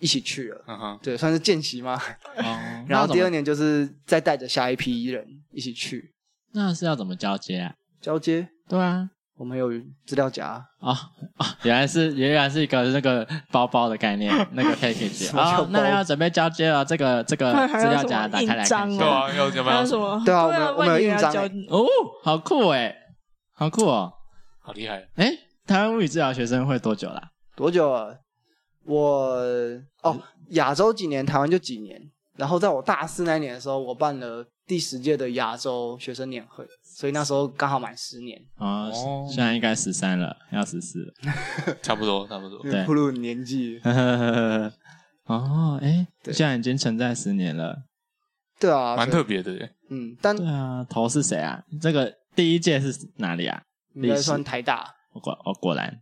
一起去了，嗯、對，算是見習嘛。嗯、 然後第二年就是再帶着下一批人一起去。那是要怎麼交接啊？交接？對啊。我們有資料夾啊啊，原來是，原來是一個那個包包的概念， 那個 package 啊，啊，那要準備交接了，這個，這個這個資料夾打開來看，啊，對啊，還有什麼？對啊，我們有印章，欸。哦，好酷哎，欸，好酷哦，喔，好厲害誒，欸、台灣物理治療學生會多久了？啊？多久？啊？我哦，亞、嗯、洲幾年，台灣就幾年。然後在我大四那一年的時候，我辦了第十屆的亞洲學生年會。所以那時候剛好滿十年啊、哦，現在應該十三了，要十四了， 差不多差不多。對，不如年紀。哦，哎、欸，現在已經存在十年了，對啊，蠻特別的。嗯，但對啊，頭是誰啊？這個第一屆是哪裡啊？你應該算台大。我果，我果然，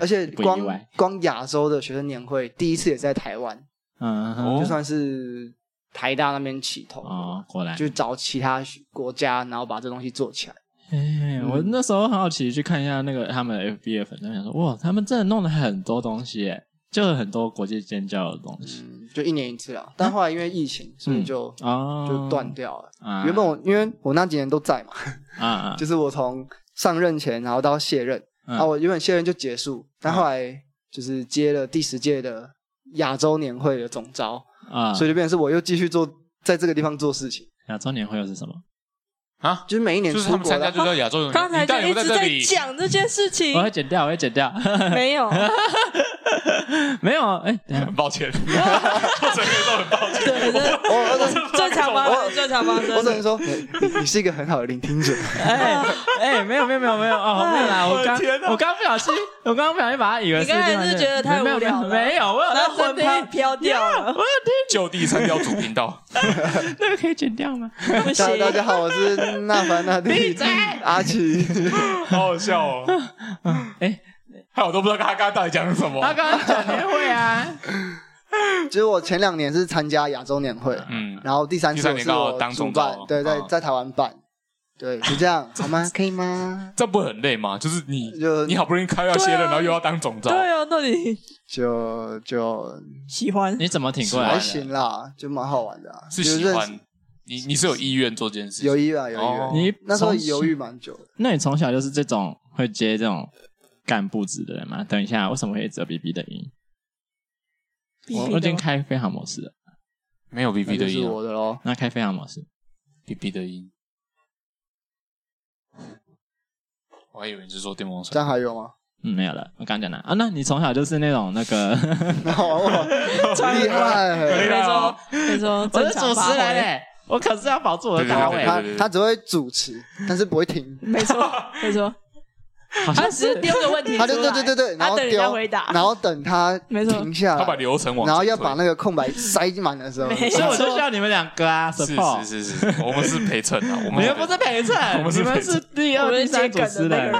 而且光，不意外，光亞洲的學生年會第一次也在台灣。嗯，就算是。台大那邊起頭，哦，過來，就找其他國家，然後把這東西做起來。哎、hey, 嗯，我那時候很好奇去看一下那個他們的 f b a 粉，就想說，哇，他們真的弄了很多東西，哎，就是很多國際間交流的東西，嗯，就一年一次啊。但後來因為疫情，啊、所以就啊、嗯，就斷掉了。哦，原本我因為我那幾年都在嘛，啊，啊， 就是我從上任前，然後到卸任，嗯，啊，我原本卸任就結束，嗯，但後來就是接了第十屆的亞洲年會的總召。啊，所以就變成是我又繼續做，在這個地方做事情。那、啊、周年會又是什麼？啊，就是每一年是他們參加，出國的，剛、啊、才在一直在講這件事情。我要剪掉，我要剪掉， 沒有，沒、欸、有，哎，很抱歉，做聲音都很抱歉，對我我我我我我我的。我我正常方，正常方，我只能說、欸你，你是一個很好的聆聽者。哎 哎、欸欸，沒有沒有沒有沒有哦、 喔，沒有啦，我剛 我剛、啊、不小心，我剛剛不小心把它以為是，你剛才是不覺得太無聊了？沒有，yeah, 我有在混，它飄掉了，就地參加主頻道。 那個可以剪掉嗎？ 大家好，我是那煩那地你阿奇， 好好笑哦！哎， 我都不知道他剛剛到底講了什麼。他剛剛年會啊， 其實我前兩年是參加亞洲年會，嗯，然後第三次我是當主辦，嗯對，在在台辦嗯，對，在台灣辦。對，就這樣 這好嗎？可以嗎？這不很累嗎？就是你，你好不容易開到歇了，啊，然後又要當總召。對啊，那你就就喜歡？你怎麼挺過來的？還行啦，就蠻好玩的，啊。是喜歡？你你是有意願做這件事？有意願，有意願，啊哦。你那時候猶豫蠻久的。那你從小就是這種會接這種幹部職的人嗎？等一下，為什麼會只有 B B 的音？我我已經開飛航模式了，沒有 B B 的音，啊，是我的咯，那開飛航模式，B B 的音。我還以為你是說電風扇，這樣還有嗎？嗯，沒有了。我剛講的啊，那你從小就是那種那個，厲、 no, oh, oh, oh, 害，沒錯，沒錯、哦。你說 你說 我是主持人來的， 我可是要保住我的大位。對對對對對對，他他只會主持，但是不會聽。沒錯， 沒錯錯。 他、啊啊、是丟的問題，啊、對對對對，然後等他回答，然後等他停下，他把流程，然後要把那個空白塞滿的時候，時候所以我就需要你們兩個啊， 是是是，是 我們是陪襯啊，我們沒有不是陪襯， 我們是第二、第三主持人。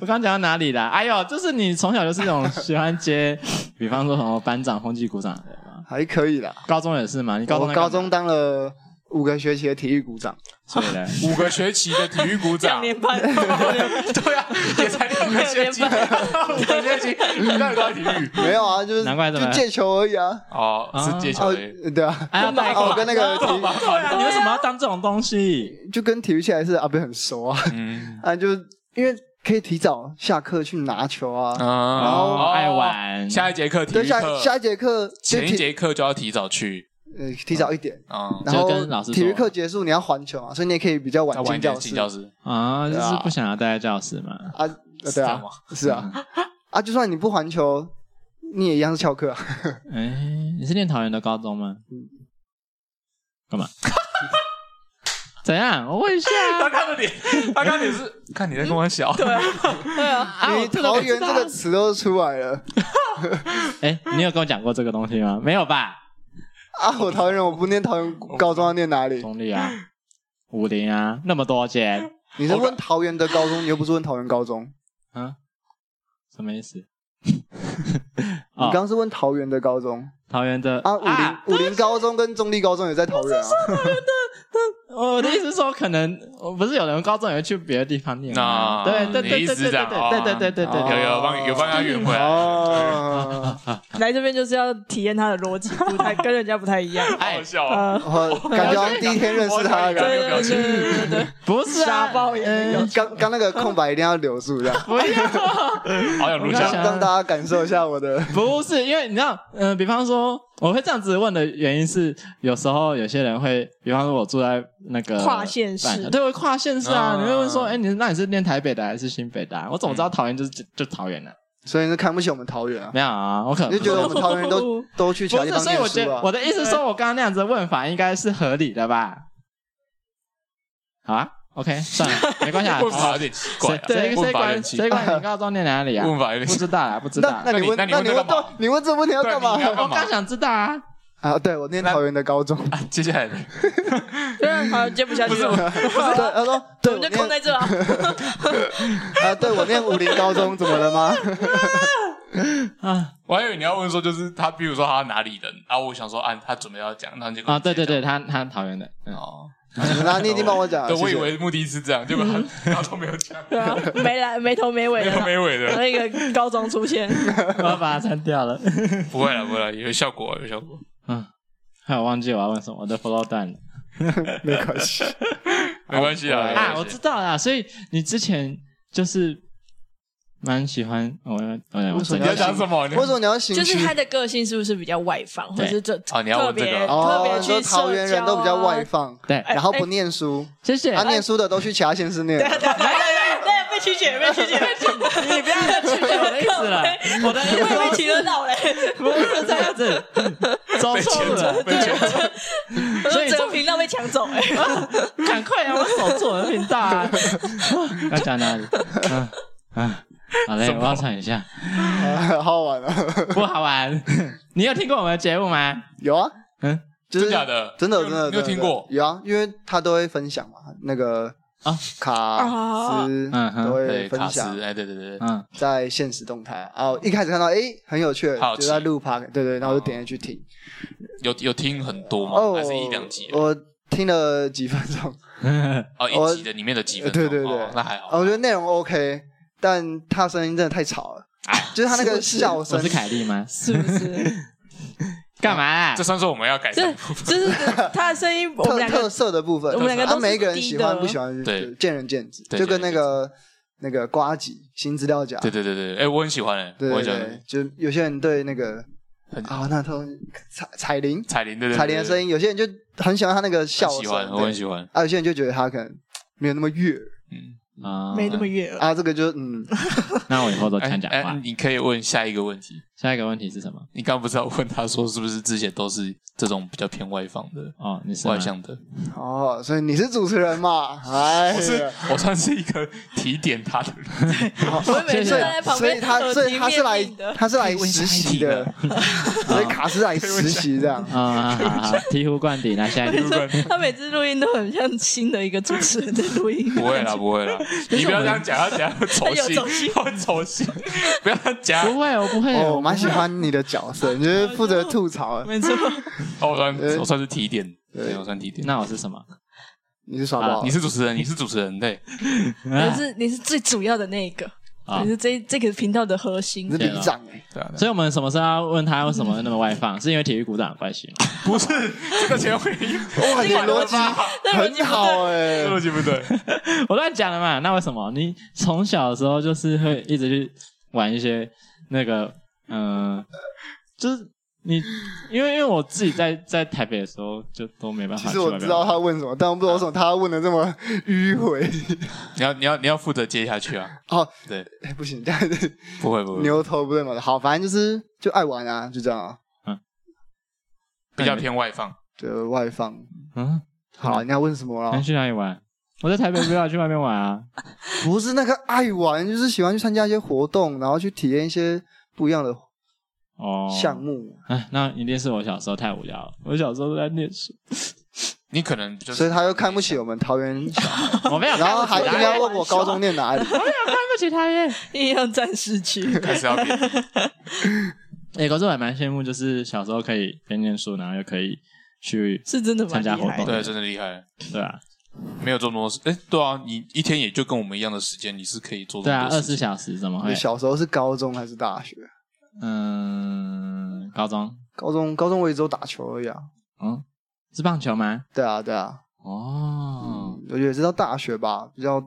我剛講到哪裡了？哎呦，就是你從小就是那種喜歡接， 比方說什麼班長、風紀股長， 還可以啦。高中也是嘛，你高中我高中當了，五個學期的體育股長，所以嘞？五個學期的體育股長， 兩下年半班笑對,對,對,對, 對啊，也才五個學期，五個學期，體育？沒有啊，就是，難怪麼，就借球而已啊。哦，是借球、啊哦啊啊啊啊啊啊，對啊。還、啊啊、要個我跟那個，對啊，你為什麼要當這種東西？就跟體育器材室啊，不是很熟啊。嗯 啊，就因為可以提早下課去拿球啊，嗯、然後,、哦、然後愛玩。下一節課體育課，下一節課，前一節課就要提早去。提早一點，嗯、然後體育課結束，你要還球啊、嗯嗯，所以你也可以比較晚進教室，晚進教室啊，就、啊、是不想要待在教室嘛。啊，對啊，Stop. 是啊，啊，啊，啊，就算你不還球，你也一樣是翹課、啊。哎、嗯，啊、 你是念桃園的高中嗎？嗯，幹嘛？ 怎樣？我問一下、啊。他看着你，他看你是 看你在跟我笑、嗯。對啊，對啊， 你桃園這個詞都出來了。哎、 啊 欸，你有跟我講過這個東西嗎？沒有吧？啊！我桃園，我不念桃園高中，要念哪裡？中壢啊，武陵啊，那麼多間。你是問桃園的高中，你又不是問桃園高中。嗯、啊？什麼意思？ 你剛是問桃園的高中，哦、桃園的啊，武陵、啊，武陵高中跟中壢高中也在桃園啊。不是說桃 我的意思說，可能我不是有人高中也會去別的地方念啊？對對對對對對對對對對對，有有幫有幫他運回來。哦，嗯啊啊啊啊、來這邊就是要體驗他的邏輯不太 跟人家不太一樣，好、哎、笑、啊、我感覺我第一天認識他，的感覺表情。不是、啊、沙包、嗯，剛剛那個空白一定要留住，這樣 不要、啊。 好想錄下，讓大家感受一下我的。不是因為你知道，嗯，比方說我會這樣子問的原因是，有時候有些人會，比方說我住在。那個跨縣市，對，跨縣市啊,啊。你會問說，哎、欸，你那你是念台北的還是新北的、啊嗯？我怎麼知道桃園就是就桃園呢、啊？所以你是看不起我們桃園啊？沒有啊，我可能就覺得我們桃園都 都去搶一電、啊、不是，所以我覺得我的意思說，我剛剛那樣子的問法應該是合理的吧？好啊，OK，算了，沒關係啊。有點奇怪，誰誰管誰管你高中念哪裡啊？不知道啊，不知道。那那你那你那個你問這個問題要幹嘛？我剛想知道啊。啊，對我念桃園的高中，來 啊、接下來，對、 啊，好、啊、像接不下去了。不是，他 說 對，就停在這啊。啊， 對我念武林高中，怎麼了嗎？ 啊，我還以為你要問說，就是他，比如說他哪裡人然後、啊、我想說，啊，他準備要講，他那就啊，對對對，他他桃園的哦。那、 啊、你你幫我講， 對我以為目的是這樣，結果他, 他都沒有講、啊，沒來頭沒尾，沒頭沒尾的，沒尾的。那個高中出現，我 要把它刪掉了。 不會了，不會了，有效果，有效果。嗯，還有忘記我要問什麼？我的 flow 斷沒關係，沒關係 啊,關啊,啊關。我知道啦、啊，所以你之前就是蠻喜歡我，我你要講什,什麼？為什麼你要喜？就是他的個性是不是比較外放，或者是這？哦、啊，你要問這個、啊特哦特啊？哦，說桃園人都比較外放，對，欸、然後不念書，欸啊、謝謝。他、啊欸、念書的都去其他縣市念，對、啊、對、啊、對、啊。對啊 七姐，被曲解被搶，你不要再曲解了。是了，我的我也被提溜到嘞， 不是在，招錯人，招錯人。所以這個頻道被搶走哎，趕快讓、啊、我守住我的頻道啊！ 要講講哪裡？ 啊，好嘞，我要喘一下。 好好玩啊，不好玩。 你有聽過我們的節目嗎？有啊，嗯，就是、真的，真的，真的有聽過。有啊，因為他都會分享嘛，那個。啊，卡斯、啊，嗯，都會分享、嗯，哎，對對對嗯，在限時動態，然後一開始看到，哎，很有趣好好，就在路旁，對對，然後就點進去聽，有有聽很多嗎？哦、還是一兩集？我聽了幾分鐘，哦，一集的裡面的幾分鐘，哦、對對對，哦、那還好、啊，我覺得內容 OK，但他聲音真的太吵了，啊、就是他那個笑聲是不是，是凱麗嗎？是不是？ 幹嘛、啊這？這算是我們要改善的部分。這是他的聲音 特特色的部分。我們兩個都他每一個人喜歡、哦、不喜歡、就是？對，就見仁見智。就跟那個那個瓜子新資料講。對對對對，哎、欸，我很喜歡哎、欸。對對對，就有些人對那個很啊，那他，彩彩鈴，彩鈴對，對對？彩鈴的聲音，有些人就很喜歡他那個笑聲，喜歡，我很喜歡。啊，有些人就覺得他可能沒有那麼悅耳，嗯啊，沒那麼悅耳。啊，這個就嗯。 那我以後都講講話、欸欸。你可以問下一個問題。下一個問題是什麼？你剛剛不是要問他說是不是之前都是這種比較偏外放的啊、哦？你是外向的哦，所以你是主持人嘛？哎，我算是一個提點他的人、哦哦嗯，所以他所以他是他是來他是來實習的、啊，所以卡斯來實習這樣啊，啊好好？醍醐灌頂，那下一次他每次錄音都很像新的一個主持人的錄音，不會啦，不會啦，你不要這樣講，要講要重新，要重新， 不要這樣講，不會、喔，我不會、喔。Oh, 他喜歡你的角色，你就是負責吐槽，沒錯、 喔。我算、欸、我算是提點，對，對我算提點。那我是什麼？你是耍寶、啊，你是主持人，你是主持人，對。你、啊、是你是最主要的那一個，你、啊、是這這個頻道的核心。是隊長、欸，哎、啊啊，對啊。所以我們什麼時候要問他為什麼那麼外放？嗯、是因為體育股長的關係嗎？不是，這個前衛。哇、 這個，邏輯很好、欸，哎，邏輯不對， 我亂講了嘛？那為什麼你從小的時候就是會一直去玩一些那個？嗯、呃，就是你，因為因為我自己在在台北的時候就都沒辦法去。其實我知道他問什麼，但我不知道為什麼他問的這麼迂迴、啊。 你要你要你要負責接下去啊！哦，對，哎、欸，不行，這樣子不會不會牛頭不對馬嘴。好，反正就是就愛玩啊，就這樣啊。嗯，比較偏外放，對，外放。嗯，好、嗯、你要問什麼了？你去哪裡玩？我在台北不要去外面玩啊！ 不是那個愛玩，就是喜歡去參加一些活動，然後去體驗一些。不一樣的哦項目哎、oh. 啊，那一定是我小時候太無聊了。我小時候都在念書，你可能就是，所以他又看不起我們桃園小孩。我沒有，然後還應該問我高中念哪裡？ 我沒有看不起桃園，一樣戰士去。開始要變。哎，可是我還蠻羨慕，就是小時候可以邊念書，然後又可以去，是真的參加活動，對，真的厲害的， 對啊。沒有這麼多事。哎，對啊，你一天也就跟我們一樣的時間，你是可以做多。對啊，二十四小時怎麼會？你小時候是高中還是大學？嗯，高中。高中高中我一直都打球而已啊。嗯，是棒球嗎？對啊，對啊。哦，嗯，我覺得直到大學吧，比較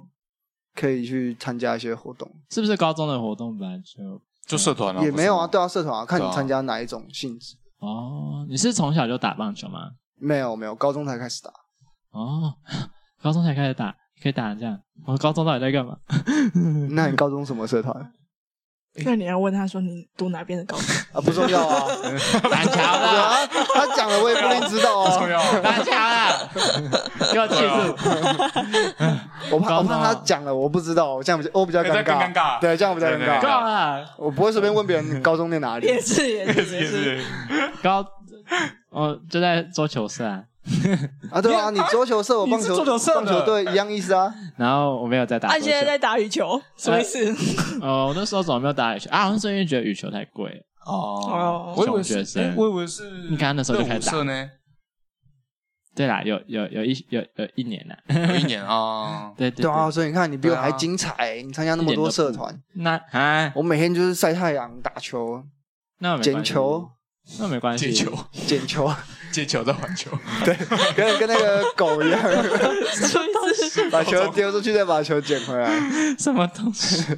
可以去參加一些活動。是不是高中的活動本來就就社團了？也沒有啊，對啊，社團啊，看你參加哪一種性質。哦，哦，你是從小就打棒球嗎？沒有沒有，高中才開始打。哦。高中才開始打，可以打這樣。我高中到底在幹嘛？那你高中什麼社團、欸？那你要問他說你讀哪邊的高中啊？不重要啊，難講啊！他講了我也不一定知道哦、啊。 不重要，難講啊！要記住，我怕我怕他講了我不知道這、哦欸這啊，這樣我比較尷尬，尷尬對，對，對，這樣比較尷尬。尷我不會隨便問別人你高中念哪裡。也是也是也是高，哦，就在桌球社啊 啊，啊，對啊，你桌球社，我棒球、桌球棒球隊一樣意思啊。 然後我沒有在打球。啊，現在在打羽球，什麼意思？啊、 哦，我那時候怎麼沒有打羽球？啊，好像時因為覺得羽球太貴哦學生。我以為是，我以為是你，剛剛那時候就開始打呢。對啦，有有有一有一年有、有、有一年啊。 年哦、 對對、對、對啊，所以你看，你比我還精彩。欸，你參加那麼多社團。那哎，我每天就是曬太陽、打球那沒、撿球。那沒關係，撿球，撿球，撿球再還球，對， 跟跟那個狗一樣， 什麼東西？把球丟出去再把球撿回來，什麼東西？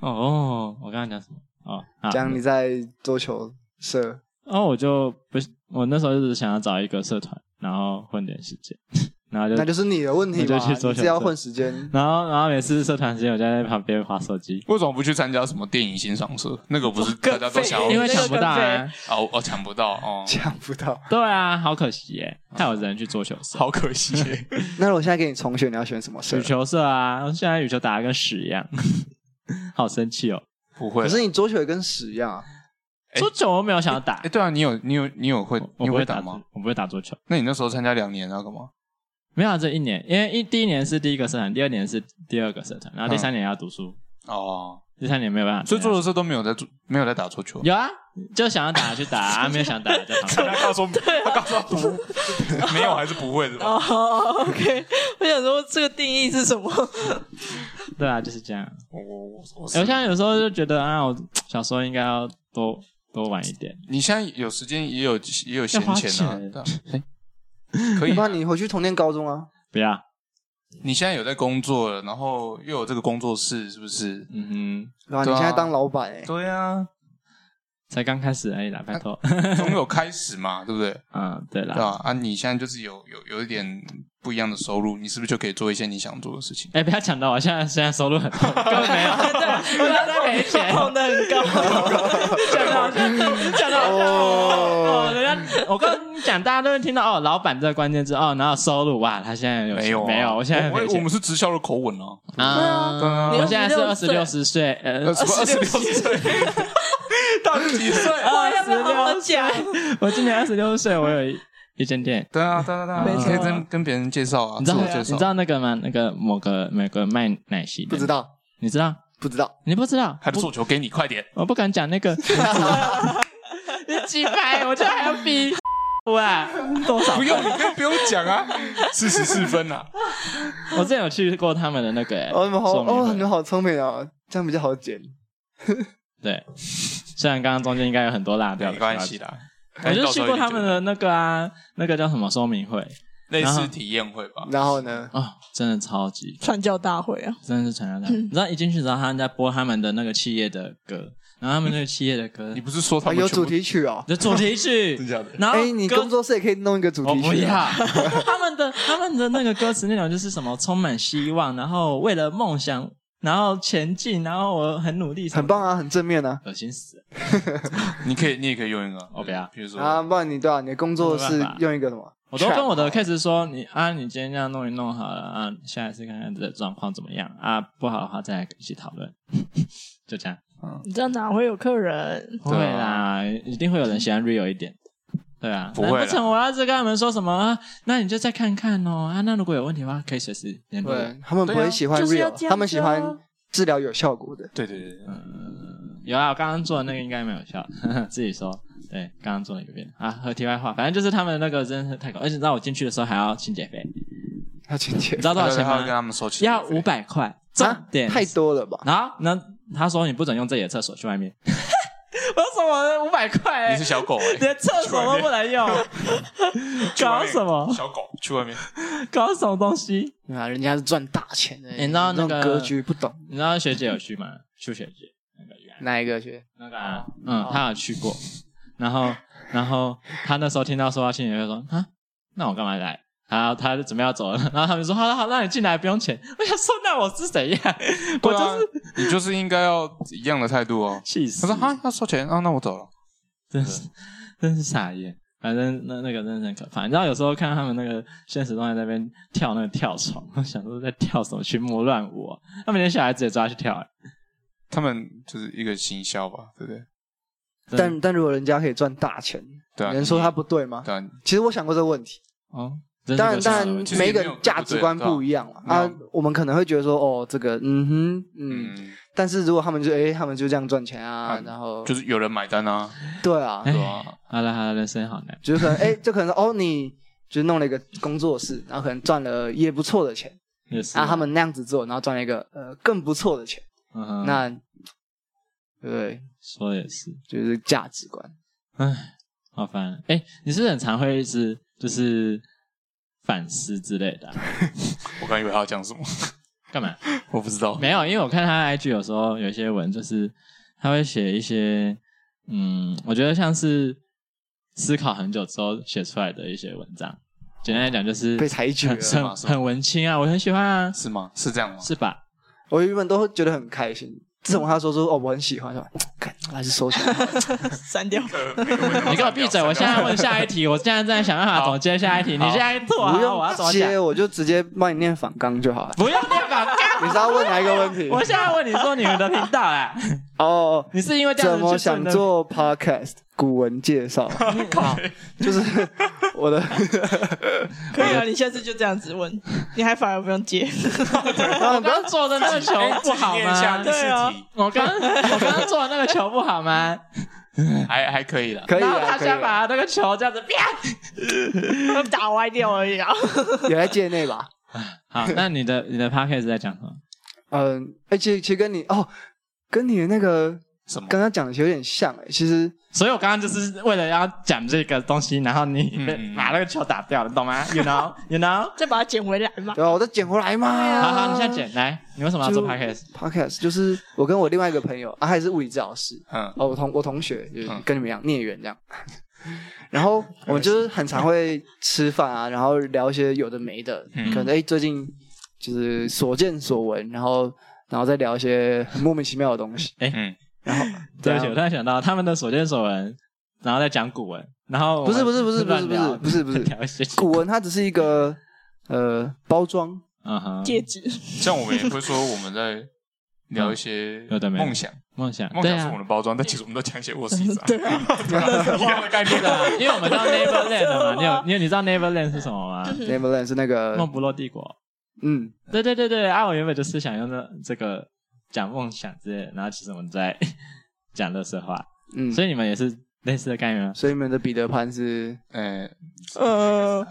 哦，我剛剛講什麼？哦、講、啊、你在桌球社、嗯。哦，我就不，我那時候就是想要找一個社團，然後混點時間。 那那就是你的問題了。你只要混時間。然後，然後每次社團時間，我就在旁邊滑手機。為什麼不去參加什麼電影欣賞社？那個不是大家都想要？因為搶不到哦、啊，搶、 啊、不到，、嗯、不到，對啊，好可惜耶！還有人去桌球社、啊，好可惜耶。 那如果我現在給你重選，你要選什麼社？羽球社啊！我現在羽球打得跟屎一樣， 好生氣哦！不會、啊，可是你桌球也跟屎一樣、啊，桌球我沒有想要打。哎、欸欸，對啊，你有，你有，你有，你有會，會，你會打嗎？我不會打桌球。那你那時候參加兩年那個嗎，然後幹嘛？沒有啊，這一年，因為一第一年是第一個社團，第二年是第二個社團，然後第三年也要讀書哦，嗯 oh. 第三年沒有辦法，所以做的事都沒有在做，沒有在打桌球。有啊，就想要打就打 是是，啊，沒有想打來就打、 啊。他剛說，對，他剛說要讀，沒有 還是不會是吧。哦、oh. oh.，OK，我想說這個定義是什麼？ 對啊，就是這樣。我、oh. oh. 欸、我現在有時候就覺得啊，我小時候應該要多多玩一點。你現在有時間，也有也有閒錢啊。可以、啊，你回去重念高中啊？不要，你現在有在工作了，然後又有這個工作室，是不是？嗯哼、嗯啊，對吧、啊？你現在當老闆、欸，對啊，才剛開始而已啦，拜托、啊，總有開始嘛， 對不對？嗯，對啦，對吧、啊？啊，你現在就是有有有一點。不一樣的收入，你是不是就可以做一些你想做的事情？哎、欸，不要搶到我！我現在現在收入很高，根本沒有， 對，大家給錢，高的很高，講 到講、哦、到，到，到哦，哦，人家我剛剛講，大家都能聽到哦，老板這個關鍵字哦，然後收入哇、啊，他現在有，沒有、啊沒有？我現在、欸、我們是直銷的口吻哦、啊，啊，對啊，啊，我現在是二十六十歲，呃歲歲 歲，二十六十歲，到底幾歲？二十六歲，我今年二十六歲，我有一。 一間店，對啊，對啊對、啊、對、啊，每、嗯、天跟跟別人介紹啊、嗯，你知道我介紹、啊，你知道那個嗎？那個某個某個賣奶昔的，不知道，你知道？不知道，你不知道？還不做球給你快點，我不敢講那個， 你幾百，我覺得還要比哇、啊，多少？不用你不用講啊，四十四分啊， 我之前有去過他們的那個，哦，你們好，哦，你們好聰明、哦、明啊，這樣比較好剪。 對，雖然剛剛中間應該有很多辣掉，沒關係的。我就去過他們的那個啊，那個叫什麼說明會，類似體驗會吧。然後呢？啊、哦，真的超級傳教大會啊！真的是傳教大會、嗯。你知道一進去，然後他們在播他們的那個企業的歌，然後他們那個企業的歌，嗯、你不是說他們全部全部、啊、有主題曲哦？有主題曲， 的。然後、欸、你工作室也可以弄一個主題曲、啊。不 要他們的，他們的那個歌詞內容就是什麼充滿希望，然後為了夢想。然後前進，然後我很努力，很棒啊，很正面啊，噁心死！ 你可以，你也可以用一個、就是、o、okay、b 啊譬比如說啊，uh, you, yeah, 不然你對吧？你的工作是用一個什麼？我都跟我的 case 說，你啊，你今天這樣弄一弄好了啊，下一次看看你的狀況怎麼樣啊，不好的話再來一起討論， 就這樣。嗯，你這樣哪會有客人？對啦、啊，一定會有人喜歡 real 一點。對啊，難不，不成我要是跟他們說什麼，啊，那你就再看看哦啊，那如果有問題的話，可以隨時聯絡。對，他們不會喜歡 real，啊，他們喜歡治療有效果的。對，對對對，嗯，有啊，我剛剛做的那個應該沒有效。呵呵自己說，對，剛剛做了一遍啊。和題外話，反正就是他們那個真是太高，而且讓我進去的時候還要清潔費。要清潔，你知道多少錢嗎？對對對，他跟他們收要五百塊，啊，太多了吧？然後那他說你不准用自己的廁所去外面。 我說什麼五百塊？你是小狗？欸，連廁所都不能用，啊， 搞什麼？小狗去外面，搞什麼東西？啊，人家是賺大錢的，欸欸，你知道那種格局不懂。你知道學姐有去嗎？去學姐，那個、哪一個去？那個啊，嗯、哦，他有去過。然後，然後他那時候聽到說他親戚就說：“啊，那我幹嘛來？”啊，他就準備要走了，了然後他們說：“好、啊，好、啊，讓、啊啊啊、你進來不用錢。”我想說：“那我是誰呀、啊？我就是……你就是應該要一樣的態度哦。”氣死！他說：“哈，他收錢啊？那我走了。真是”真是真是傻眼！反正那那個真是可怕，……反正有時候看到他們那個限時動態在那邊跳那個跳床，想說在跳什麼群魔亂舞啊？他們那小孩子也抓去跳、欸。啊他們就是一個行銷吧，對不對？對但但如果人家可以賺大錢，對啊、你能說他不對嗎對、啊對啊？其實我想過這個問題啊。嗯當然，當然，每一個人價值觀不一樣啊,啊、嗯。我們可能會覺得說，哦，這個，嗯哼，嗯。嗯但是如果他們就，哎、欸，他們就這樣賺錢啊，嗯、然後,然後就是有人買單啊。對啊。好了、啊啊，好了，人生好難。就是可能，哎、欸，就可能哦，你就是弄了一個工作室，然後可能賺了也不錯的錢。也是。然後他們那樣子做，然後賺了一個呃更不錯的錢。嗯哼。那，對,對。說也是，就是價值觀。哎，好煩、啊。哎、欸，你是,不是很常會一直就是。反思之類的、啊， 我剛以為他要講什麼，幹嘛？ 我不知道，沒有，因為我看他 IG，有時候有一些文，就是他會寫一些，嗯，我覺得像是思考很久之後寫出來的一些文章。簡單來講，就是很被裁決了，很文青啊，我很喜歡啊，是嗎？是這樣嗎？是吧？我原本都會覺得很開心。這種話說出哦，我很喜歡，是吧？還是收起來，刪掉，沒有問題。你給我閉嘴！我現在問下一題，我現在正在想辦法怎麼接下一題。你現在錯，不用我要怎麼接，我就直接幫你念訪綱就好了。 不用念訪綱， 你是要問哪一個問題？ 我現在問你說你們的頻道哎！ 哦、oh，你是因為這樣子，怎麼想做 podcast 古文介紹？ 好， 就是我的 可以啊。你下次就這樣子問， 你還反而不用接。 我剛剛做的那個球不好嗎？對啊、哦， 我剛我剛剛做的那個球不好嗎？ 還還可以啦。可以。然後他先把他那個球這樣子啪 打歪掉而已啊，有在界內吧。 好，那你的你的 podcast 在講什麼？ 嗯，哎、欸，且杰哥你哦。跟你的那個什麼剛剛講的有點像、欸、其實所以我剛剛就是為了要講這個東西，然後你拿那個球打掉了，嗯、你懂嗎？You know? You know? 再把它撿回，回來嘛？對啊，再撿回來嘛。好好，你現在撿來。你為什麼要做 podcast？podcast 就，Podcast 就是我跟我另外一個朋友，啊還是物理治療師。嗯，哦，我同我同學就是跟你們一樣孽緣這樣。 然後我們就是很常會吃飯啊，然後聊一些有的沒的，嗯、可能哎、欸、最近就是所見所聞，然後。然後再聊一些很莫名其妙的東西。哎、欸，然後對不起，我突然想到他們的所見所聞，然後在講古文。然後不是不是不是不是不是不是不是，不是，不是古文，它只是一個 呃包裝。嗯哼，戒指。像我們也會說我們在聊一些夢、 嗯、想，夢想，夢、啊、想是我們的包裝，但其實我們都講一些臥底、 啊。對、啊，一樣的概念的因為我們叫 Neverland 嘛？ 你有你有你知道 Neverland 是什麼嗎、就是、？Neverland 是那個夢不落帝國。嗯，對對對對，啊，我原本就是想用這這個講夢想之類，然後其實我們在講垃圾話，嗯，所以你們也是類似的概念嗎？所以你們的彼得潘是，哎、欸，呃，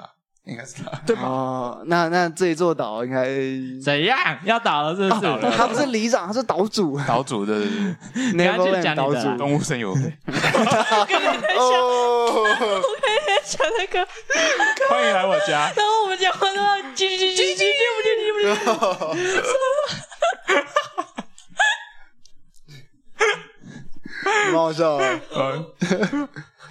應該是，是他，對吧？哦、那那這一座島應該怎樣？要倒了是不是，他不、啊、是里長，他是島主，島主的對對。Neverland 講島主，動物森友，哈哈在哈哈， 哦、 我跟你在講那個，歡迎來我家，然後我們講話都要，進進哈哈哈哈哈！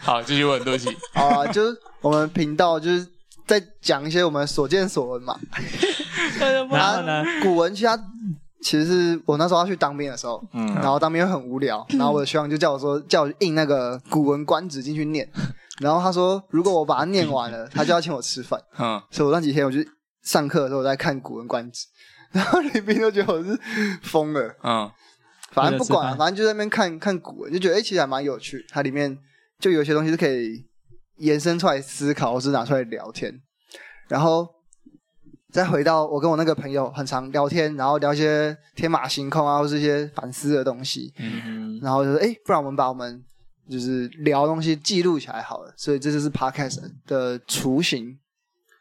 好，繼續問東西啊！就是我們頻道就是在講一些我們所見所聞嘛。 啊， 古文其、其實，是我那時候要去當兵的時候， 嗯、然後當兵又很無聊， 然後我的學長就叫我說，叫我印那個《古文觀止》進去念。 然後他說，如果我把它念完了， 他就要請我吃飯。 所以我那幾天我就。上課的時候我在看《古文觀止》，然後裡面都覺得我是瘋了，嗯、哦，反正不管、啊，反正就在那邊看看古文，就覺得哎、欸，其實還蠻有趣。它裡面就有些東西是可以延伸出來思考，或是拿出來聊天。然後再回到我跟我那個朋友很常聊天，然後聊一些天馬行空啊，或是一些反思的東西。嗯，然後就說哎、欸，不然我們把我們就是聊東西記錄起來好了。所以這就是 Podcast 的雛形。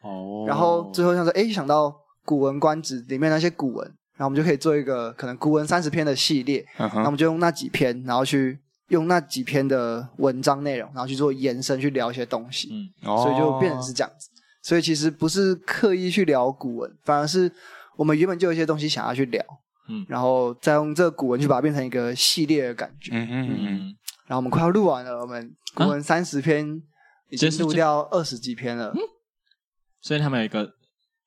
哦、oh，然後最後像說：“哎、欸，想到《古文觀止》裡面那些古文，然後我們就可以做一個可能古文三十篇的系列，那我們就用那幾篇，然後去用那幾篇的文章內容，然後去做延伸，去聊一些東西。嗯，oh. 所以就變成是這樣子。所以其實不是刻意去聊古文，反而是我們原本就有一些東西想要去聊，嗯，然後再用這個古文去把它變成一個系列的感覺。嗯嗯嗯。然後我們快要錄完了，我們古文三十篇已經錄掉二十幾篇了。這這”嗯所以他們有一個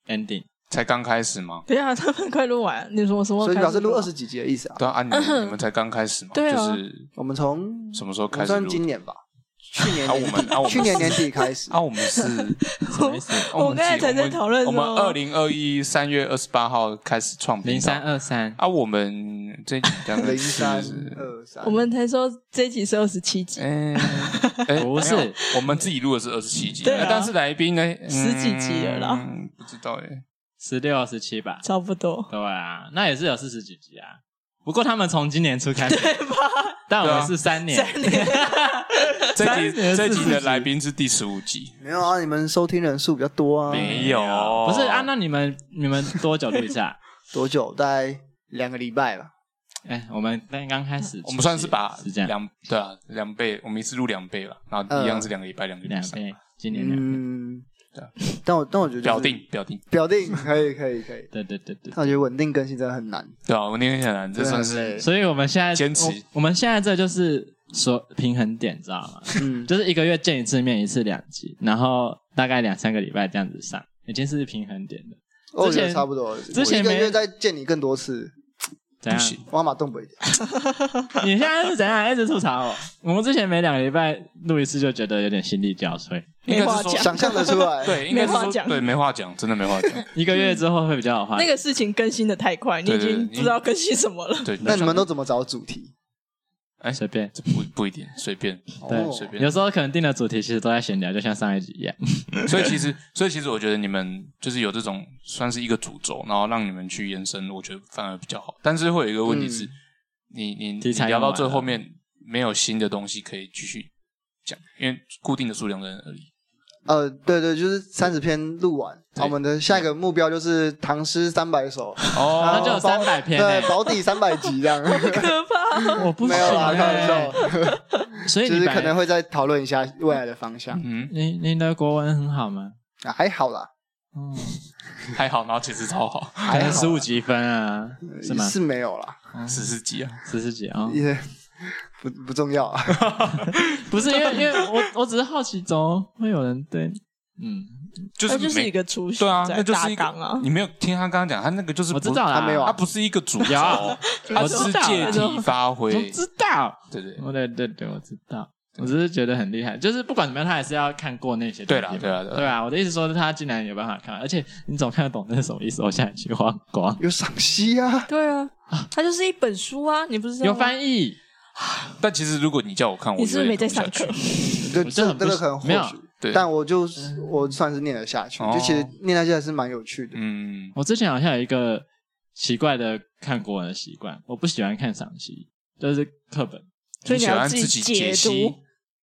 ending，才剛開始嗎？對啊，他們快錄完，你說什麼什麼？所以表示錄二十幾集的意思啊？對啊，啊你們、嗯、你們才剛開始嘛？對啊，就是我們從什麼時候開始？算今年吧，去年，年、 啊、我們啊我們，去年年底開始 啊，我啊，我我啊我我剛剛，我們是什麼意思？我們才在討論，我們二零二一三月二十八號開始創播 P4，零三二三啊，我們這零三二三，我們才說這一集是二十七集。欸欸、不是， 我們自己錄的是二十七集，那、啊、但是來賓應該、嗯、十幾集了啦，嗯、不知道耶、欸。十六、十七吧，差不多。對啊，那也是有四十幾集啊。不過他們從今年初開始， 但我們是三年、啊、 這集 三年，三年，這集這集的來賓是第十五集。沒有啊，你們收聽人數比較多啊。沒有，不是啊，那你們你們多久錄一次？ 多久？大概兩個禮拜吧。哎、欸，我們那剛開始，我們算是把是這樣兩對啊兩倍，我們一次錄兩倍吧，然後一樣是兩個禮拜兩個禮拜兩倍，今年兩倍，嗯、對、啊。但我但我覺得、就是、表定表定表定，可以可以可以，對對對對、對。但我覺得穩定更新真的很難，對啊，穩定很難，這算是。對對對，所以我們現在堅持我，我們現在這就是說平衡點，知道嗎？嗯，就是一個月見一次面一次兩集，然後大概兩三個禮拜這樣子上，已經是平衡點的。哦，我差不多。之前每個月在見你更多次。怎樣不行，我馬動不一點。 你現在是怎樣一直吐槽我喔？我們之前每兩個禮拜錄一次，就覺得有點心力交瘁。沒話講，想象的出來。對，沒話講。對，沒話講，真的沒話講，嗯。一個月之後會比較好看。那個事情更新的太快，你已經不知道更新什麼了。對，對，對，對，對，對，那你們都怎麼找主題？對對對哎，隨便，這不不一定，隨便、哦，對，隨便。有時候可能定的主題其實都在閒聊，就像上一集一樣。所以其實，所以其實我覺得你們就是有這種算是一個主軸，然後讓你們去延伸，我覺得反而比較好。但是會有一個問題是、嗯、你，你，你聊到最後面沒有新的東西可以繼續講，因為固定的數量在那裡而已。呃，對對、對，就是三十篇錄完，我們的下一個目標就是唐詩三百首哦，那就有三百篇，對，保底三百集這樣。 我不喜歡。沒有拉，所以就是可能會再討論一下未來的方向。嗯，您您的國文很好嗎、啊？還好啦，嗯，還好，然後其實超好，還有十五級分啊，是嗎？是沒有啦，十、嗯、四級啊，十四級啊，也、yeah, 不不重要、啊。 不是因為因為我我只是好奇中，怎麼會有人對，嗯。他、就是啊、就是一個粗心，在大綱啊，你沒有聽他剛剛講，他那個就是我知道了、啊、他沒有、啊，他不是一個主要， 有 他是借題發揮， 我知道，對對，對對對，我知道，我只是覺得很厲害，就是不管怎麼樣，他還是要看過那些東西，對啦，對啊，對吧？我的意思說，他竟然有辦法看，而且你怎麼看得懂那是什麼意思？我現在一句話，有賞析啊，對啊，他就是一本書啊，你不是有翻譯，但其實如果你叫我看，我你是沒在上課， 這真的很沒但我就、嗯、我算是念得下去，哦、就其實念下去還是蠻有趣的。嗯，我之前好像有一個奇怪的看國文的習慣，我不喜歡看賞析，就是課本，所以你要，你喜歡自己解析，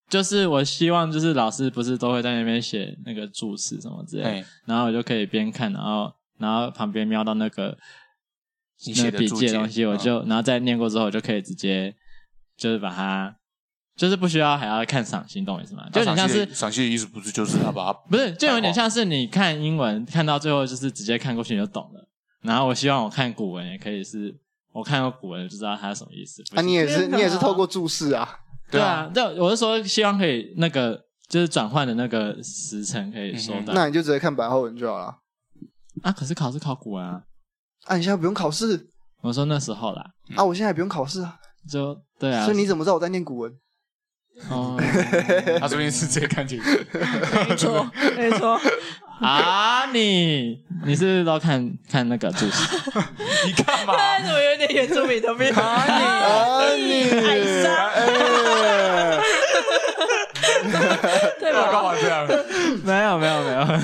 就是我希望就是老師不是都會在那邊寫那個注釋什麼之類的，然後我就可以邊看，然後然後旁邊瞄到那個那個筆記的東西，我就、嗯、然後再念過之後，我就可以直接就是把它。就是不需要還要看賞心動物是嗎？啊、就是有點像是賞、啊、心，的、的意思，不是就是他把他不是就有點像是你看英文看到最後就是直接看過去，你就懂了。然後我希望我看古文也可以，是我看到古文就知道它是什麼意思。啊，你也是、啊、你也是透過注釋啊，啊，對啊，對，我是說希望可以那個就是轉換的那個時辰可以說的、嗯。那你就直接看白話文就好了。啊，可是考試考古文啊。啊，你現在不用考試。我說那時候啦、嗯。啊，我現在也不用考試啊。就對啊。所以你怎麼知道我在念古文？哦、oh, 啊，他最近是,不是你直接看清楚。沒錯 沒錯。啊、 ah,，你你是要看看那個主題？ 你幹嘛？我有點原住民的味？ ah, 你 啊，你，啊、 哎，你。 哎呀！對了剛好這樣 沒有沒有沒有啊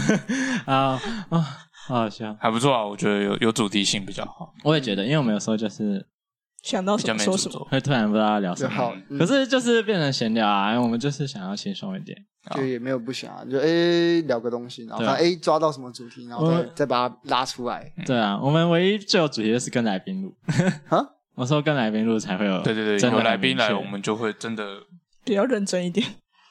啊啊！行、 uh,，還不錯啊，我覺得有有主題性比較好。我也覺得，因為我們有時候就是。想到什麼說什麼，會突然不知道要聊什麼，嗯。可是就是變成閒聊啊，我們就是想要輕鬆一點，就也沒有不想，啊，就誒，聊個東西，然後誒，抓到什麼主題，然後再再把它拉出來。對啊，我們唯一最有主題就是跟來賓錄哈，嗯、 我說跟來賓錄才會有， 對對對，有來賓來，我們就會真的比較認真一點，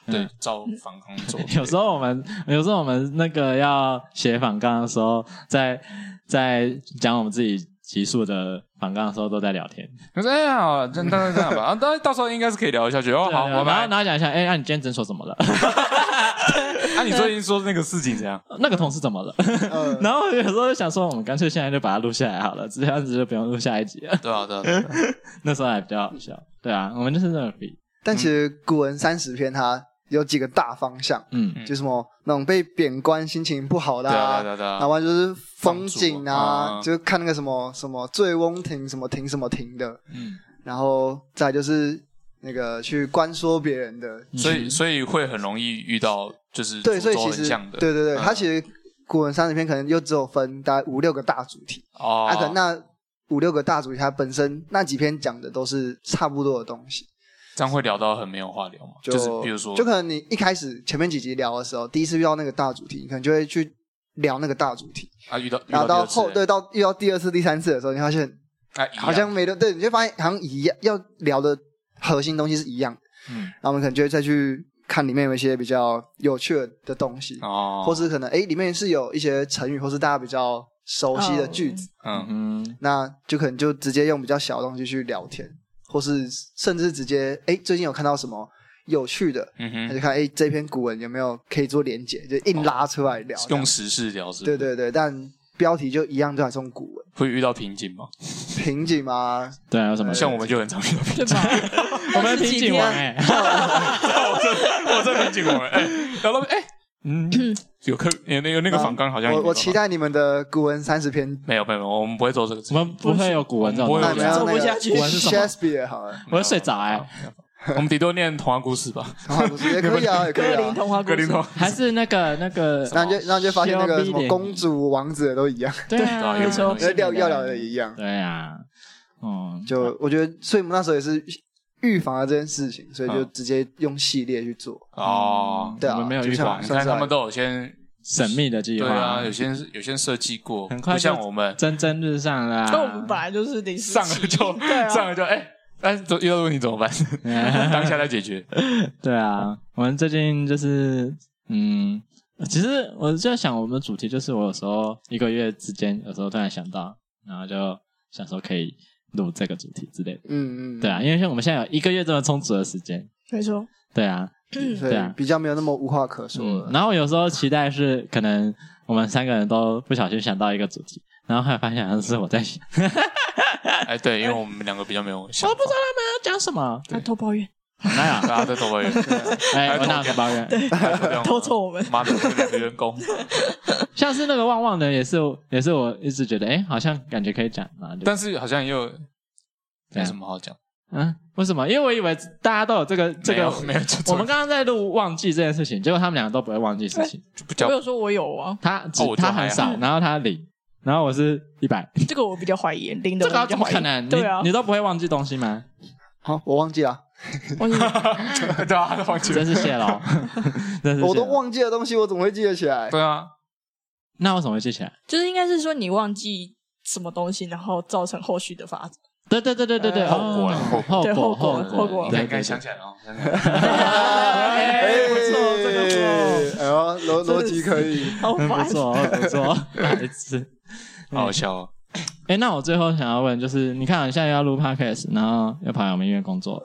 對，照訪綱做。有時候我們，有時候我們那個要寫訪綱的時候，在在講我們自己極速的。反剛的時候都在聊天，可是哎呀、欸啊，就大概這樣吧，當、 啊、到時候應該是可以聊下、哦、拜拜然後，然後一下，去、欸。哦、啊、好，我們然拿獎一下，哎，那你今天診所怎麼了？那、 啊、你最近說那個事情怎樣？那個同事怎麼了？嗯、 然後有時候就想說，我們乾脆現在就把它錄下來好了，這樣子就不用錄下一集了。對啊，對啊，對啊對啊、 那時候還比較好笑。對啊，我們就是那個。但其實古文三十篇它。有幾個大方向，嗯，就什麼那種被貶官心情不好的、啊，對、啊、對、啊、對、啊，然後就是風景啊，嗯、就看那個什麼什麼醉翁亭什麼亭什麼亭，什麼亭的，嗯，然後再就是那個去觀說別人的，所以、嗯、所以會很容易遇到就是的對，所以其實對對對，他、嗯、其實古文三十篇可能又只有分大概五六個大主題哦，啊、可能那五六個大主題它本身那幾篇講的都是差不多的東西。這樣會聊到很沒有話聊嗎？就、就是比如說，就可能你一開始前面幾集聊的時候，第一次遇到那個大主題，你可能就會去聊那個大主題啊，遇到然後到後到對到遇到第二次、第三次的時候，你發現哎、啊、好像沒的，對，你就發現好像一樣要聊的核心東西是一樣，嗯，然後我們可能就會再去看裡面有一些比較有趣的東西哦，或是可能哎、欸、裡面是有一些成語或是大家比較熟悉的句子，Oh, okay. 嗯嗯。那就可能就直接用比較小的東西去聊天。或是甚至直接，哎、欸，最近有看到什麼有趣的，那、嗯、就看哎、欸、這篇古文有沒有可以做連結，就硬拉出來聊、哦，用時事聊是，是？對對對，但標題就一樣，都還是用古文。會遇到瓶頸嗎？瓶頸嗎，嗎？對啊，有什麼、欸？像我們就很常遇到瓶頸， 我們瓶頸王哎，我真我真瓶頸王、欸、哎，嗯，有課，有那個那個訪綱好像有、啊。我我期待你們的古文三十篇。沒有沒有我們不會做這個。我們不會有古文這樣，做不下去。Shakespeare 好我要睡着哎。我們頂多、那個欸、 念童話故事吧。童話故事也可以格、啊啊啊、林童話故事，還是那個那個然後就，然後就發現那個什麼公主王子都一樣。對啊，對啊有時候要要聊的一樣。對啊，嗯，就、啊、我覺得，所以我們那時候也是。預防這件事情，所以就直接用系列去做。嗯、哦，我、嗯啊、們沒有預防，但是他們都有先神秘的計劃。對啊，有些有些設計過，就像我們蒸蒸日上啦。那我們本來就是你上了就、啊、上了就哎，但是遇到問題怎麼辦？ 當下來解決。 對啊，我們最近就是嗯，其實我就在想，我們的主題就是我有時候一個月之間，有時候突然想到，然後就想說可以，錄這個主題之類的，嗯嗯，對啊，因為像我們現在有一個月這麼充足的時間，沒錯，對啊，嗯、對啊，比較沒有那麼無話可說。然後有時候期待是可能我們三個人都不小心想到一個主題，然後後來發現好像是我在想、嗯。哎、 欸，對，因為我們兩個比較沒有想， 我不知道他們要講什麼，偷偷抱怨。很累 啊！大家都多抱怨，哎、啊欸，我那個抱怨，偷偷我們，媽的，你們的員工，像是那個旺旺的也，也是也是，我一直覺得，哎、欸，好像感覺可以講嘛，但是好像又沒什麼好講，嗯、啊啊，為什麼？因為我以為大家都有這個這個，沒有，沒有我們剛剛在錄忘記這件事情，結果他們兩個都不會忘記事情。欸、就我有說，我有啊，他、哦、我他很少，然後他零然後我是一百，這個我比較懷疑，領的我 這個怎麼可能？對啊你，你都不會忘記東西嗎？好、哦、我忘記了，忘記了 對啊，都忘記了真是謝了、哦、了， 我都忘記了東西，我怎麼會記得起來？對啊，那我怎麼會記起來？就是應該是說你忘記什麼東西，然後造成後續的發展。對對對對對對、欸、哦、了對，後果，對後果，了後果。了剛才想起來了哦，不錯、哦，這個不錯，邏 輯、哎、可以，不錯、哦，不錯，孩子， 嗯、好、好笑哦。哦哎、欸，那我最後想要問，就是你看，你現在要錄 podcast，然後又跑來我們醫院工作，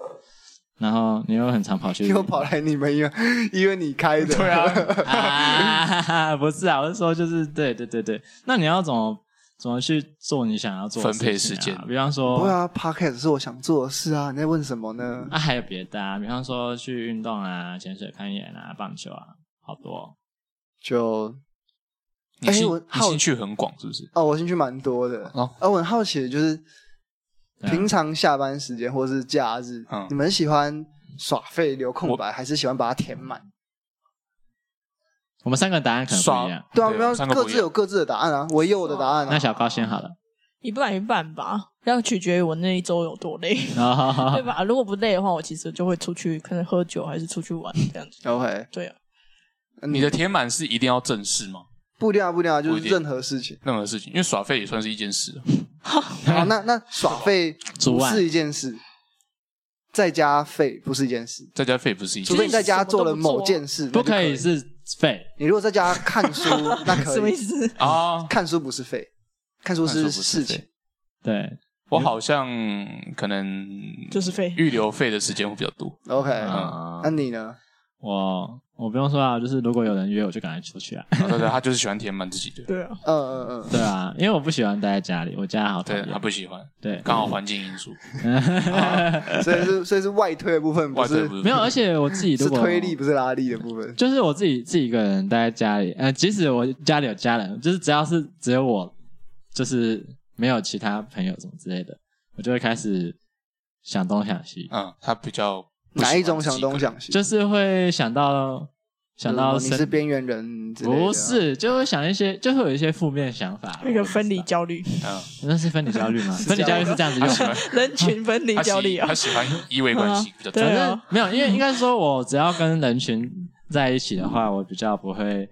然後你又很常跑去，又跑來你們醫院，醫院你開的， 對啊,啊，不是啊，我是說，就是對對對對，那你要怎麼怎麼去做你想要做的事、啊、分配時間？比方說，不會啊，podcast 是我想做的事啊，你在問什麼呢？啊，還有別的啊，比方說去運動啊，潛水、攀岩啊，棒球啊，好多，就。哎，欸、我興趣很廣，是不是？哦，我興趣蠻多的。哦，而我很好奇的就是平常下班時間或者是假日，嗯、你們喜歡耍廢留空白我，還是喜歡把它填滿？我們三個答案可能不一樣，對，對啊，沒有各自有各自的答案啊。我也有我的答案、啊哦，那小高先好了，一半一半吧，要取決於我那一周有多累啊， 對吧？如果不累的話，我其實就會出去，可能喝酒還是出去玩這樣子。 OK，對啊。你的填滿是一定要正式嗎？不掉、啊、不掉、啊、就是任何事情，任何事情，因為耍廢也算是一件事。好、 啊，那那耍廢不，不是一件事，在家廢不是一件事，在家廢不是一件事。除非你在家做了某件事，都不、哦、可，以不可以是廢。你如果在家看書， 那什麼意思啊？看書不是廢，看書是事情。對我好像可能就是廢，預留廢的時間會比較多。OK，uh, uh, uh, 那你呢？我。我不用說啊，就是如果有人約，我就趕快出去啊。啊對對，他就是喜歡填滿自己對。對啊，嗯嗯嗯，對啊，因為我不喜歡待在家裡，我家好特別。對他不喜歡。對，剛好環境因素。 啊、所以是所以是外推的部分，不是沒有，而且我自己都 是推力不是拉力的部分，就是我自己自己一個人待在家裡，呃，即使我家裡有家人，就是只要是只有我，就是沒有其他朋友什麼之類的，我就會開始想東想西。嗯，他比較。哪一種想東想西，就是會想到、嗯、想到、嗯、你是邊緣人之類的，不是就會想一些，就會有一些負面的想法，那個分離焦慮啊， 那是分離焦慮嗎？ 慮嗎 分離焦慮是這樣子用的。 人群分離焦慮、喔、啊，他喜，他喜歡依偎關係，反 正、哦、沒有，因為應該說，我只要跟人群在一起的話， 我比較不會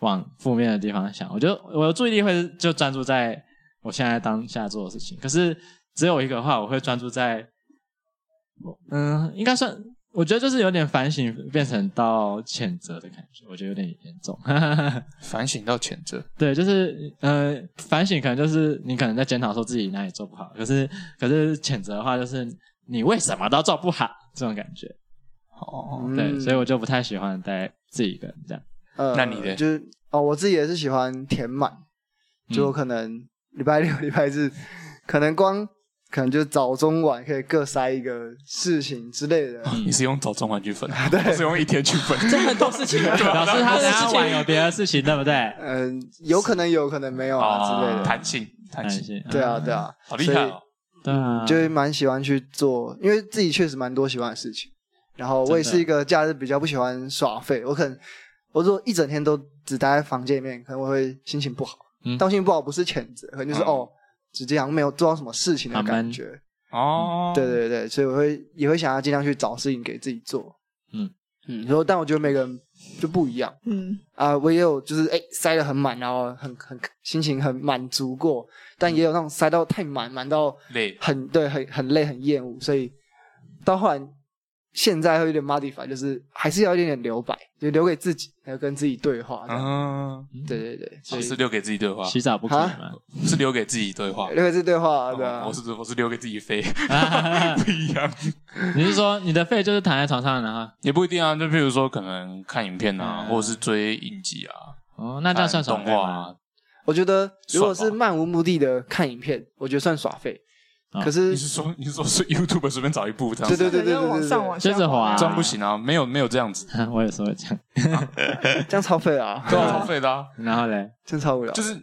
往負面的地方想，我就我的注意力會就專注在我現在當下做的事情。可是只有一個的話，我會專注在。嗯，應該算，我覺得就是有點反省變成到譴責的感覺，我覺得有點嚴重。哈哈哈，反省到譴責，對，就是呃，反省可能就是你可能在檢討說自己哪裡做不好，可是可是譴責的話就是你為什麼都做不好這種感覺。哦、oh, 嗯，對，所以我就不太喜歡帶自己一個人這樣。呃、那你的就是哦，我自己也是喜歡填滿，就可能禮拜六、禮拜日 可能光。可能就早中晚可以各塞一個事情之類的、嗯。你是用早中晚去分，對，是用一天去分， 這很多事情。老師他早中晚有別的事情，對不對？嗯，有可能有可能沒有啊之類的。彈性彈性，對啊對啊，啊啊、好厲害。對，就是蠻喜歡去做，因為自己確實蠻多喜歡的事情。然後我也是一個假日比較不喜歡耍廢，我可能我如果一整天都只待在房間裡面，可能我會心情不好。嗯，當心情不好不是譴責，可能就是、嗯、哦。只是這樣，沒有做到什麼事情的感覺哦、嗯。對對對，所以我會也會想要盡量去找事情給自己做。嗯嗯，然後但我覺得每個人就不一樣。嗯啊，我也有就是哎、欸、塞的很滿，然後很很，很心情很滿足過，但也有那種塞到太滿，滿、嗯、到累，很對，很很累，很厭惡。所以到後來。現在會有點 modify，就是還是要一點點留白，就是、留給自己，要跟自己對話。嗯，對對對所以、啊，是留給自己對話。洗澡不可以嗎？是留給自己對話。對留給自己對話、啊對啊嗯。我是我是留給自己廢，不一樣。 你是說你的廢就是躺在床上的啊也不一定啊，就譬如說可能看影片啊，嗯、或者是追影集啊。哦、嗯，那這樣算什麼話？我覺得如果是漫無目的的看影片，我覺得算耍廢。哦、可是你是說你是說隨 YouTube 隨便找一部這樣子，對對對對對，你要往上對對對往下滑，這樣、啊、不行啊！沒有沒有這樣子， 我也是會這樣，這樣超廢啊，這樣超廢的啊。然後嘞，真超無聊。就是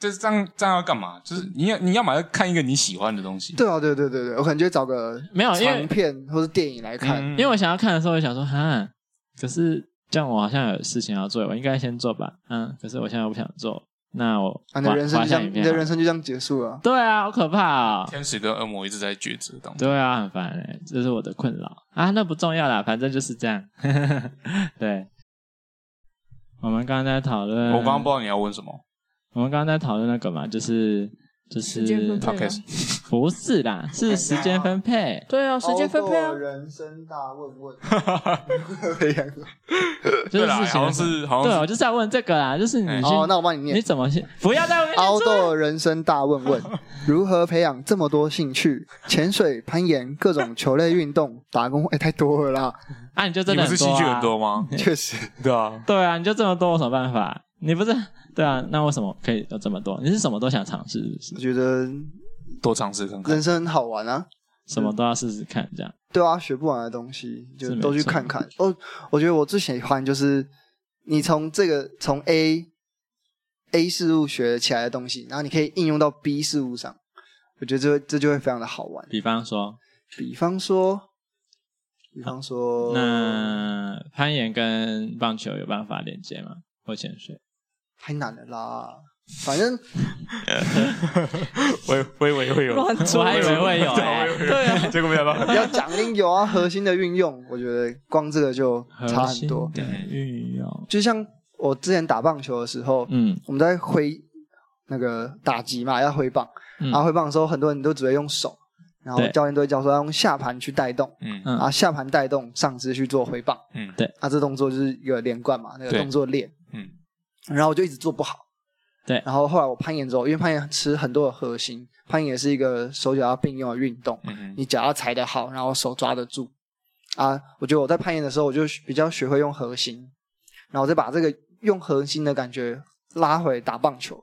就是這樣這樣要幹嘛？就是你要你要嘛要看一個你喜歡的東西。對啊對對對對，我可能就找個沒有長片或者電影來看因、嗯。因為我想要看的時候，我就想說哈，可是這樣我好像有事情要做，我應該先做吧。嗯，可是我現在又不想做。那我、啊，你的人生就這樣，你的人生就這樣結束了。對啊，好可怕啊、哦！天使跟惡魔一直在抉擇當中。對啊，很煩哎、欸，這、就是我的困擾啊。那不重要啦，反正就是這樣。 對，我們剛剛在討論，我剛剛不知道你要問什麼。我們剛剛在討論那個嘛，就是。嗯就是時間分配、啊，不是啦，是時間分配。對、欸、啊，對喔、時間分配啊。人生大問問。哈哈哈哈哈！培 養。對啊，好像好像對，我就是要問這個啦，就是你先、欸喔。那我幫你念。你怎麼先？不要在凹豆人生大問問，如何培養這麼多興趣？潛水、攀岩、各種球類運動、 打工，哎、欸，太多了啦。啊你就真的、啊、你是興趣很多嗎？確 實，對啊。對啊，你就這麼多，有什麼辦法？你不是。對啊，那為什麼可以有這麼多？你是什麼都想嘗試？我覺得多嘗試看看，人生很好玩啊，什麼都要試試看，這樣。對啊，學不完的東西就都去看看哦。我覺得我最喜歡就是你從這個從 A，A 事物學起來的東西，然後你可以應用到 B 事物上，我覺得這就這就會非常的好玩。比方說，比方說，比方說，那攀岩跟棒球有辦法連接嗎？或潛水？太難了啦，反正 會會會會有，我還以為會有、欸、我會，有會，有會有，對啊，結果沒有嗎？要講練有啊，核心的運用，我覺得光這個就差很多。對，運用。就像我之前打棒球的時候，嗯，我們在揮那個打擊嘛，要揮棒、嗯，然後揮棒的時候，很多人都只會用手，然後教練都會教說要用下盤去帶動，嗯，然後帶動去，嗯，啊，下盤帶動上肢去做揮棒，嗯，對，啊，這個、動作就是一個連貫嘛，那個動作鏈。然後我就一直做不好，對。然後後來我攀岩之後，因為攀岩吃很多的核心，攀岩也是一個手腳要並用的運動，嗯嗯，你腳要踩得好，然後手抓得住。啊，我覺得我在攀岩的時候，我就比較學會用核心，然後再把這個用核心的感覺拉回打棒球，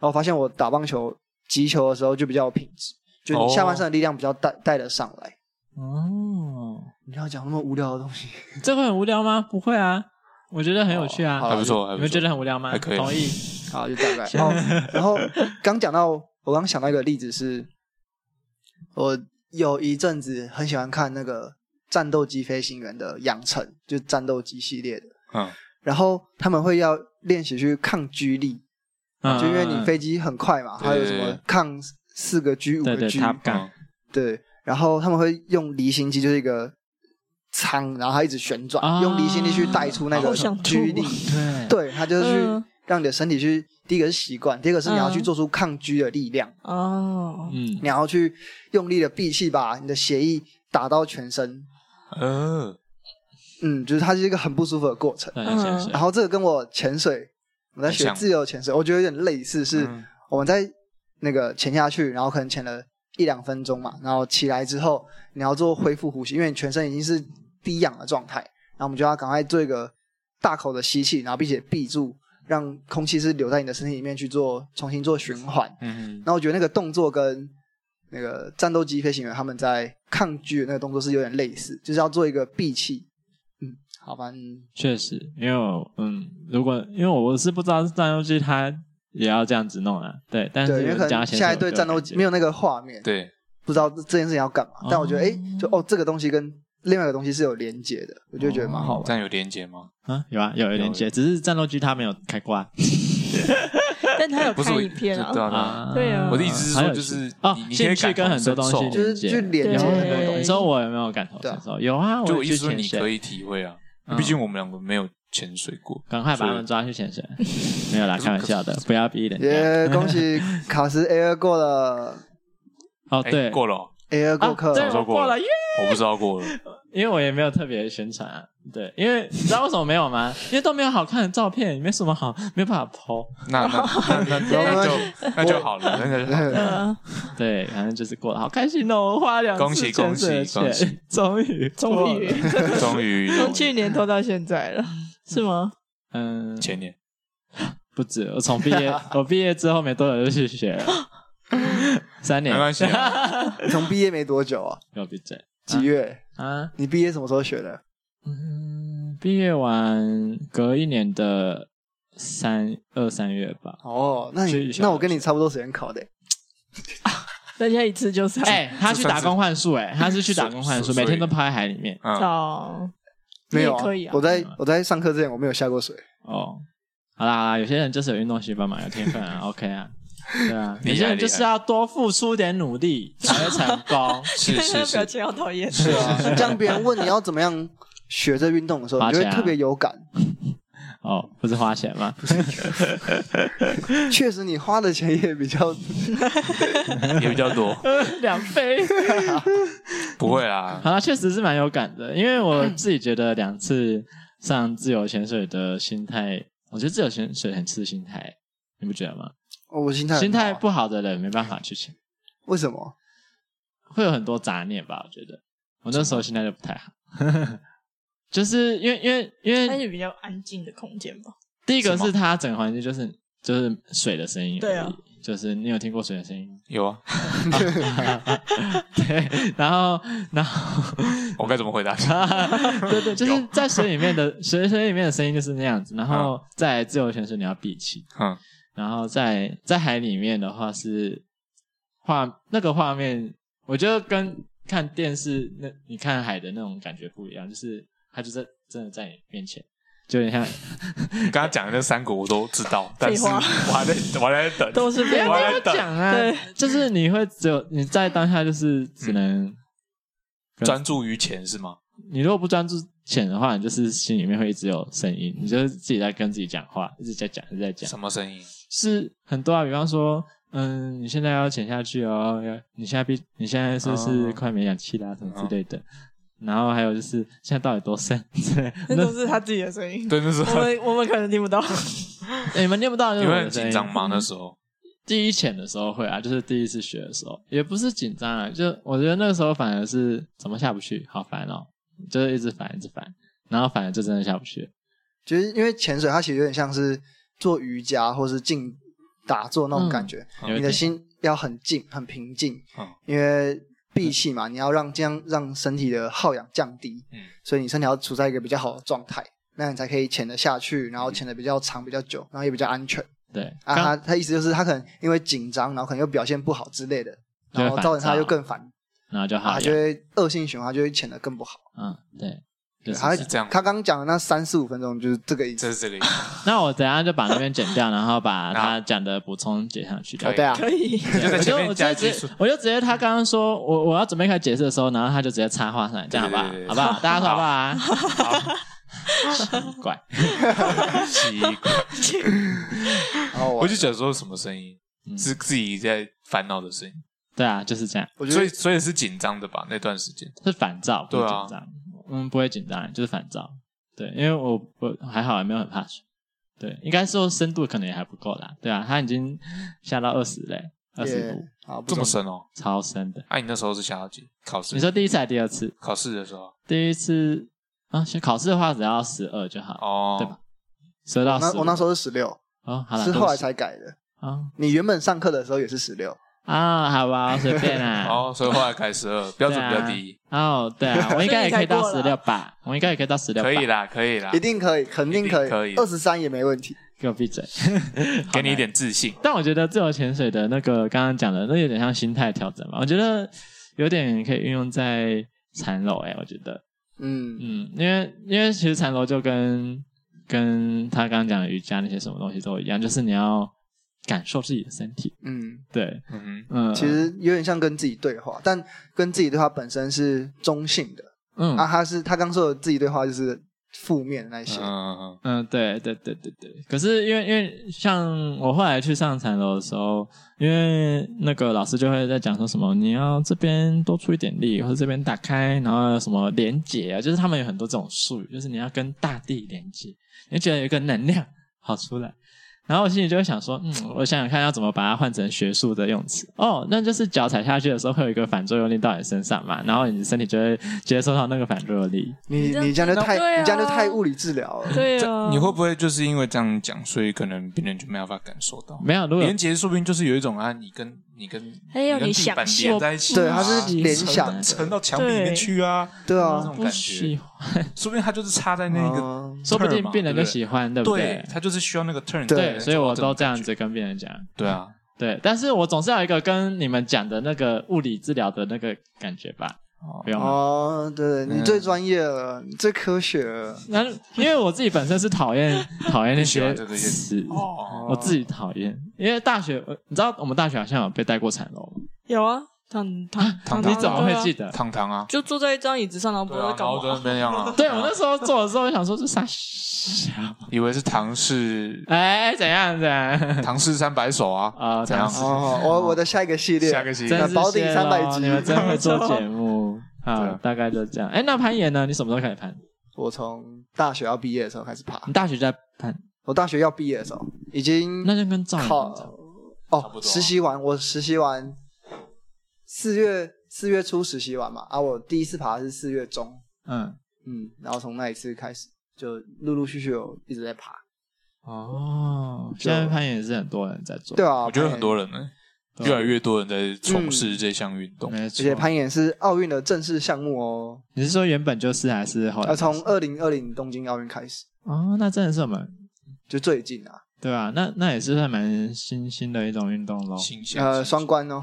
然後發現我打棒球擊球的時候就比較有品質，就你下半身的力量比較帶、哦、帶得上來。哦，你要講那麼無聊的東西，這會很無聊嗎？不會啊。我覺得很有趣啊，哦、還不錯，你們覺得很無聊嗎？還可以，同意。好，就大概。 哦、然後，然後剛講到，我剛想到一個例子是，我有一陣子很喜歡看那個戰鬥機飛行員的養成，就戰鬥機系列的。嗯。然後他們會要練習去抗 G 力、嗯啊，就因為你飛機很快嘛，還、嗯、有什麼抗四個 G，五個 G, 對對對個 G 對對對、嗯。對。然後他們會用離心機，就是一個。倉，然後它一直旋轉，oh, 用離心力去帶出那個推力、oh, 對。對，它就是讓你的身體去。第一個是習慣，第二個是你要去做出抗 G 的力量。哦，嗯，你要去用力的閉氣，把你的血液打到全身。嗯、oh.。嗯，就是它就是一個很不舒服的過程。Oh. 然後這個跟我潛水，我在學自由潛水，我覺得有點類似，是我們在那個潛下去，然後可能潛了一兩分鐘嘛，然後起來之後，你要做恢復呼吸，嗯、因為你全身已經是。低氧的狀態，然後我們就要趕快做一個大口的吸氣，然後並且閉住，讓空氣是留在你的身體裡面去做重新做循環。嗯哼，然後我覺得那個動作跟那個戰鬥機飛行員他們在抗拒的那個動作是有點類似，就是要做一個閉氣。嗯，好吧，嗯、確實，因為嗯，如果因為我我是不知道戰鬥機，他也要這樣子弄啊，對，但是因為可能現在對戰鬥機沒有那個畫面，對，不知道這件事情要幹嘛，但我覺得哎、嗯，就哦，這個東西跟。另外一個東西是有連接的，我就覺得蠻好玩的。這樣有連接嗎？啊，有啊，有有連接。只是戰鬥劇他沒有開掛、啊， 對 但他有看影片、哦、不對啊，對啊，對啊。對啊，對啊，我的意思是說就是啊，你先去、哦、跟很多東西連接，就是、去連接很多東西。你說我有沒有感同身受？有啊，我有就潛水可以體會啊。嗯、畢竟我們兩個沒有潛水過，趕快把他們抓去潛水。 沒有啦、就是，開玩笑的，不要逼人。耶恭喜卡斯 A2 過了。哦，對，過了 A2 過客，說、欸、過了、喔過了，啊過了，啊、過了耶。我不知道過了， 因為我也沒有特別宣傳、啊。對，因為你知道為什麼沒有嗎？ 因為都沒有好看的照片，沒什麼好沒辦法 po。 那那那，那，那就 那就好了，那 個我笑 對，反正就是過得好開心哦。我花兩恭喜恭喜恭喜，終於終於終於從去年拖到現在了， 是嗎？嗯，前年 不止，我從畢業， 我畢業之後沒多久就去學了 三年，沒關係、啊，從 畢業沒多久啊。要閉嘴。幾月啊，啊？你畢業什麼時候學的？嗯，畢業完隔一年的三二三月吧。哦，那你那我跟你差不多時間考的。家、啊、一次就是哎、 欸，他去打工換宿哎，他是去打工換宿， 每天都泡在海裡面。哦、嗯，沒有、啊，可以啊。我在我在上課之前我沒有下過水、嗯。哦，好啦，有些人就是有運動細胞嘛， 有天分啊，OK 啊啊。對啊，你現在就是要多付出點努力才能長高。是是是。表情好討厭。是啊，這樣別人問你要怎麼樣學這運動的時候，你就會特別有感。啊、 哦，不是花錢嗎？不是， 確實你花的錢也比較，也比較多，兩 倍 。不會啊。好啊，確實是蠻有感的，因為我自己覺得兩次上自由潛水的心態，我覺得自由潛水很吃心態，你不覺得嗎？哦，我心態心態不好的人沒辦法去潛，為什麼會有很多雜念吧？我覺得我那時候心態就不太好， 就是因為因為因為它有比較安靜的空間吧。第一個是它整個環境就是就是水的聲音，對啊，就是你有聽過水的聲音？有啊， 對，然後然後 我該怎麼回答？ 對,對對，就是在水裡面的水 水裡面的聲音就是那樣子，然後在自由潛水你要閉氣，嗯。然後在在海裡面的話是畫那個畫面，我覺得跟看電視那你看海的那種感覺不一樣，就是它就在真的在你面前，就有點像剛剛講的那三個，我都知道，但是我還在我還在等， 都是不在講啊！對，就是你會只有你在當下，就是只能專、嗯、注於潛是嗎？你如果不專注潛的話，你就是心裡面會一直有聲音，你就是自己在跟自己講話，一直在講一直在講什麼聲音？就是很多啊，比方說，嗯，你現在要潛下去哦，你現在必你現在說是，是快沒氧氣啦、啊、什麼之類的、嗯嗯，然後還有就是現在到底多深對，嗯、那都是他自己的聲音。對，那時候我們我們可能聽不到， 欸、你們聽不到，因為很緊張嗎？那時候第一潛的時候會啊，就是第一次學的時候，也不是緊張啊，就我覺得那個時候反而是怎麼下不去，好煩哦、喔，就是一直煩一直煩，然後反而就真的下不去。就是因為潛水它其實有點像是。做瑜伽或是靜打坐那種感覺，嗯、你的心要很靜、很平靜、嗯，因為閉氣嘛、嗯，你要讓這樣讓身體的耗氧降低、嗯，所以你身體要處在一個比較好的狀態、嗯，那你才可以潛得下去，然後潛得比較長、比較久，然後也比較安全。對，啊，他他意思就是他可能因為緊張，然後可能又表現不好之類的，然後造成他又更煩，那就好。他就會惡性循環，就會潛、啊、得，得更不好。嗯，對。他、就是、是這樣，他剛剛講的那三四五分鐘就是這個意思。就是這 那我等下就把那邊剪掉，然後把他講的補充剪下去。對啊，可以。可以 就，我就，直我就直接，我就直接他剛剛說我我要準備開始解釋的時候，然後他就直接插話上來，這樣好不好？對對對對好不好，好？大家說好不好？奇怪，奇怪。 好好我就覺得說，什麼聲音、嗯？是自己在煩惱的聲音？對啊，就是這樣。所以所以是緊張的吧？那段時間是煩躁，對緊、啊嗯，不會緊張，就是反照。對，因為我不還好，也沒有很怕水。對，應該說深度可能也還不夠啦。對啊，他已經下到二十嘞，二十五。啊，這麼深哦，超深的。哎、啊，你那時候是下到幾？考試？你說第一次還是第二次？考試的時候？第一次啊？先考試的話只要十二就好哦，oh. 對吧？十二到十，我那時候是十六。啊，好了，是後來才改的。啊，你原本上課的時候也是十六。啊、哦，好吧，隨便啦。哦， 所以後來開始了，標準比較低。哦，對、啊，我應該也可以到十六吧，我應該也可以到十六，可以啦，可以啦，一定可以，肯定可以，可以，二十三也沒問題。給我閉嘴， 給你一點自信。但我覺得自由潛水的那個剛剛講的那有點像心態調整吧。我覺得有點可以運用在禪柔誒、欸、我覺得，嗯嗯，因為因為其實禪柔就跟跟他剛剛講的瑜伽那些什麼東西都一樣，就是你要。感受自己的身體，嗯，對，嗯嗯，其實有點像跟自己對話，嗯，但跟自己對話本身是中性的，嗯，啊，他，他是他剛說的自己對話就是負面的那些，嗯嗯，對對對對對，可是因為因為像我後來去上禪樓的時候，因為那個老師就會在講說什麼你要這邊多出一點力，或者這邊打開，然後有什麼連接啊，就是他們有很多這種術語，就是你要跟大地連接，你覺得有一個能量好，出來。然後我心裡就會想說，嗯，我想想看要怎麼把它換成學術的用詞。哦，那就是腳踩下去的時候會有一個反作用力到你身上嘛，然後你的身體就會接受到那個反作用力。你你這樣就太、哦，你這樣就太物理治療了。對啊、哦。你會不會就是因為這樣講，所以可能別人就沒有辦法感受到？沒有，如果。連接說不定就是有一種啊，你跟。你跟，你跟地板連在一起、啊，對、啊，他是聯想，沉到牆壁裡面去啊，對啊，那種感覺喜歡，說不定他就是插在那個，說不定病人就喜歡， 對不對，對，他就是需要那個 turn，對，對所以我都這樣子跟病人講，對啊，對，但是我總是要一個跟你們講的那個物理治療的那個感覺吧。哦，不要、oh, 對、嗯，你最專業了，你最科學了。那因為我自己本身是討厭討厭那些詞，我自己討厭。Oh. 因為大學，你知道我們大學好像有被帶過產樓。有啊。糖糖，你怎麼會記得糖糖啊，啊？就坐在一張椅子上，然後不會搞。我昨天沒啊。對，啊啊 對啊，我那時候坐的時候，我想說是三，是啥？以為是唐詩哎，怎樣子？唐詩三百首啊啊，怎樣？怎樣怎樣哦哦、我我的下一個系列，哦、下一個系列，真保底三百集。你們真會做節目啊，大概就這樣。哎，那攀岩呢？你什麼時候開始攀？我從大學要畢業的時候開始爬。你大學就在攀？我大學要畢業的時候已經，那就跟考哦，實習完我實習完。四月四月初實習完嘛，啊，我第一次爬是四月中，嗯嗯，然後從那一次開始就陸陸續續有一直在爬。哦，現在攀岩是很多人在做，對啊，我覺得很多人呢，呢，越來越多人在從事這項運動。嗯，沒錯，而且攀岩是奧運的正式項目哦。你是說原本就是還是後來？啊、呃，從二零二零東京奧運開始。哦，那真的是什麼？就最近啊？對啊，那那也是算蠻新興的一種運動嘍。新興呃，雙關哦。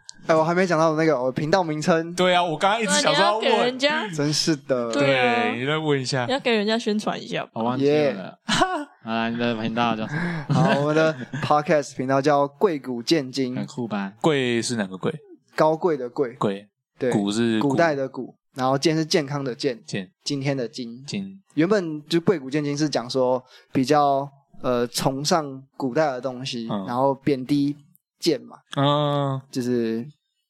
哎、欸，我還沒講到那個我頻、哦、道名稱。對啊，我剛剛一直想說要，你要給人家，真是的。對、啊、對你再問一下，要給人家宣傳一下好嗎耶，我忘記了，啊、yeah， 你的頻道叫……好，我們的 podcast 頻 道叫“貴古賤今”，很酷吧？貴是哪個貴？高貴的貴。貴對。古是古，古代的古，然後健是健康的健。健今天的今。今原本就“貴古賤今”是講說比較呃崇尚古代的東西，嗯、然後貶低。劍嘛，嗯、哦，就是，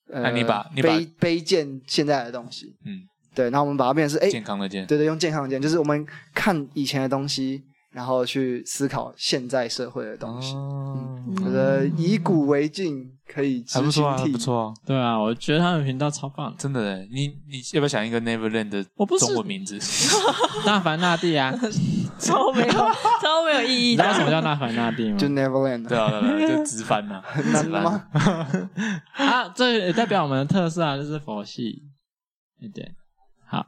那、呃啊、你把，你把，卑賤現在的東西，嗯，對，那我們把它變成、欸、健康的劍，對對，用健康的劍，就是我們看以前的東西，然後去思考現在社會的東西，哦、嗯，我覺得以古為鏡可以還不錯啊，還不錯、啊、對啊，我覺得他們頻道超棒，真的欸，你你要不要想一個 Neverland 的我不中文名字，那煩那地啊。 超沒有，超沒有意義、啊。 你知道什麼叫那煩那地嗎？就 Neverland。對啊，對啊，就直翻很 直翻帆。 啊，這也代表我們的特色啊，就是佛系。對，好，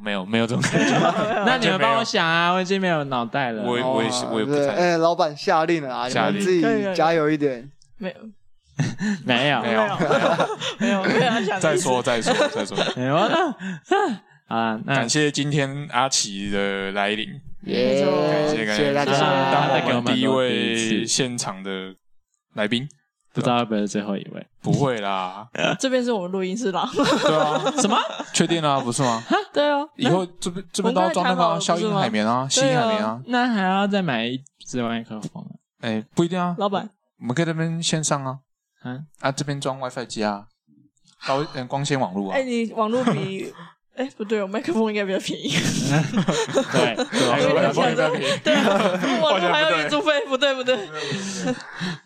沒有沒有這種感覺。 那你們幫我想啊，我已經沒有腦袋了。我也我也我也不太……哎、欸，老板下令了啊！下令，你自己加油一點 沒有 沒沒、啊。沒有，沒有，沒有，沒 有。再說再說再說。啊、hey, of... 感謝今天阿祺的來臨。耶、yeah, 感感！感謝感謝大家，感謝謝、啊、我們第一位第一現場的來賓，不知道要不要最後一位？嗯、 不會啦， 這邊是我們錄音室啦。對啊， 什麼？確定啊, 啊,啊,啊，不是嗎？對哦、啊，以後這邊這邊都要裝那個消音海綿啊，吸音海綿啊。那還要再買一支麥克風、啊？哎，不一定啊，老板，我們可以這邊線上啊，嗯，啊，這邊裝 WiFi 機啊，高光纖網絡啊。哎，你網絡比。哎，不對哦，我麥克風應該比較便宜。 對，我有點想說，對，我還要月租費，不對不對。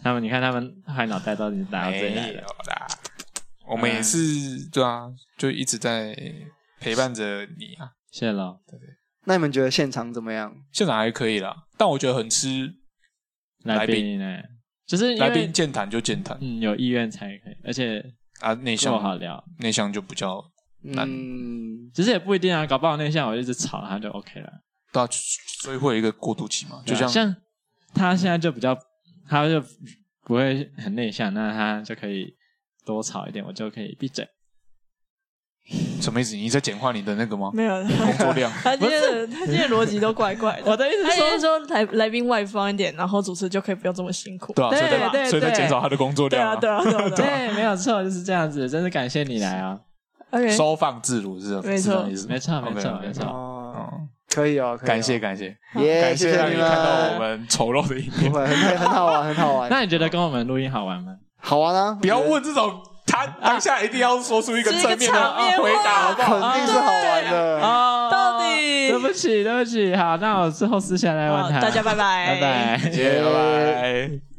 那麼 不 你看他們還腦袋到底是打到這裡來了？我們也是，對啊，就一直在陪伴着你啊，謝，謝了。對，那你們覺得現場怎麼樣？現場還可以啦，但我覺得很吃來賓誒，只、欸就是來賓健談就健談，嗯，有意願才可以，而且啊，內向不好聊，內向就比較。嗯，其實也不一定啊，搞不好內向，我一直吵他就 OK 了。到最後一個過渡期嘛，啊、就像像他現在就比較，他就不會很內向，那他就可以多吵一點，我就可以閉嘴。什麼意思？你在簡化你的那個嗎？沒有工作量。 他今天他今天邏輯都怪怪的。 我的意思說，說來來賓外放一點，然後主持就可以不用這麼辛苦。對啊，對，對吧，所以在減少他的工作量、啊。對啊，對啊，對啊，對，啊對，啊 對，沒有錯，就是這樣子，真的感謝你來啊。收、okay, 放、so、自如是什、這、麼、個、意思？沒錯，okay, 沒錯，okay, 沒錯，哦，可以哦，感謝，感謝，感、yeah, 謝讓你看到我們醜陋的一面，很 很好玩， 很，好玩 很好玩。那你覺得跟我們錄音好玩嗎？好玩啊！不，不要問這種，他當下一定要說出一個正面的、啊啊喔、回答，好不好、喔？肯定是好玩的、哦。到底？對不起，對不起。好，那我之後私下來問他好。大家拜拜，拜拜，謝謝，拜拜。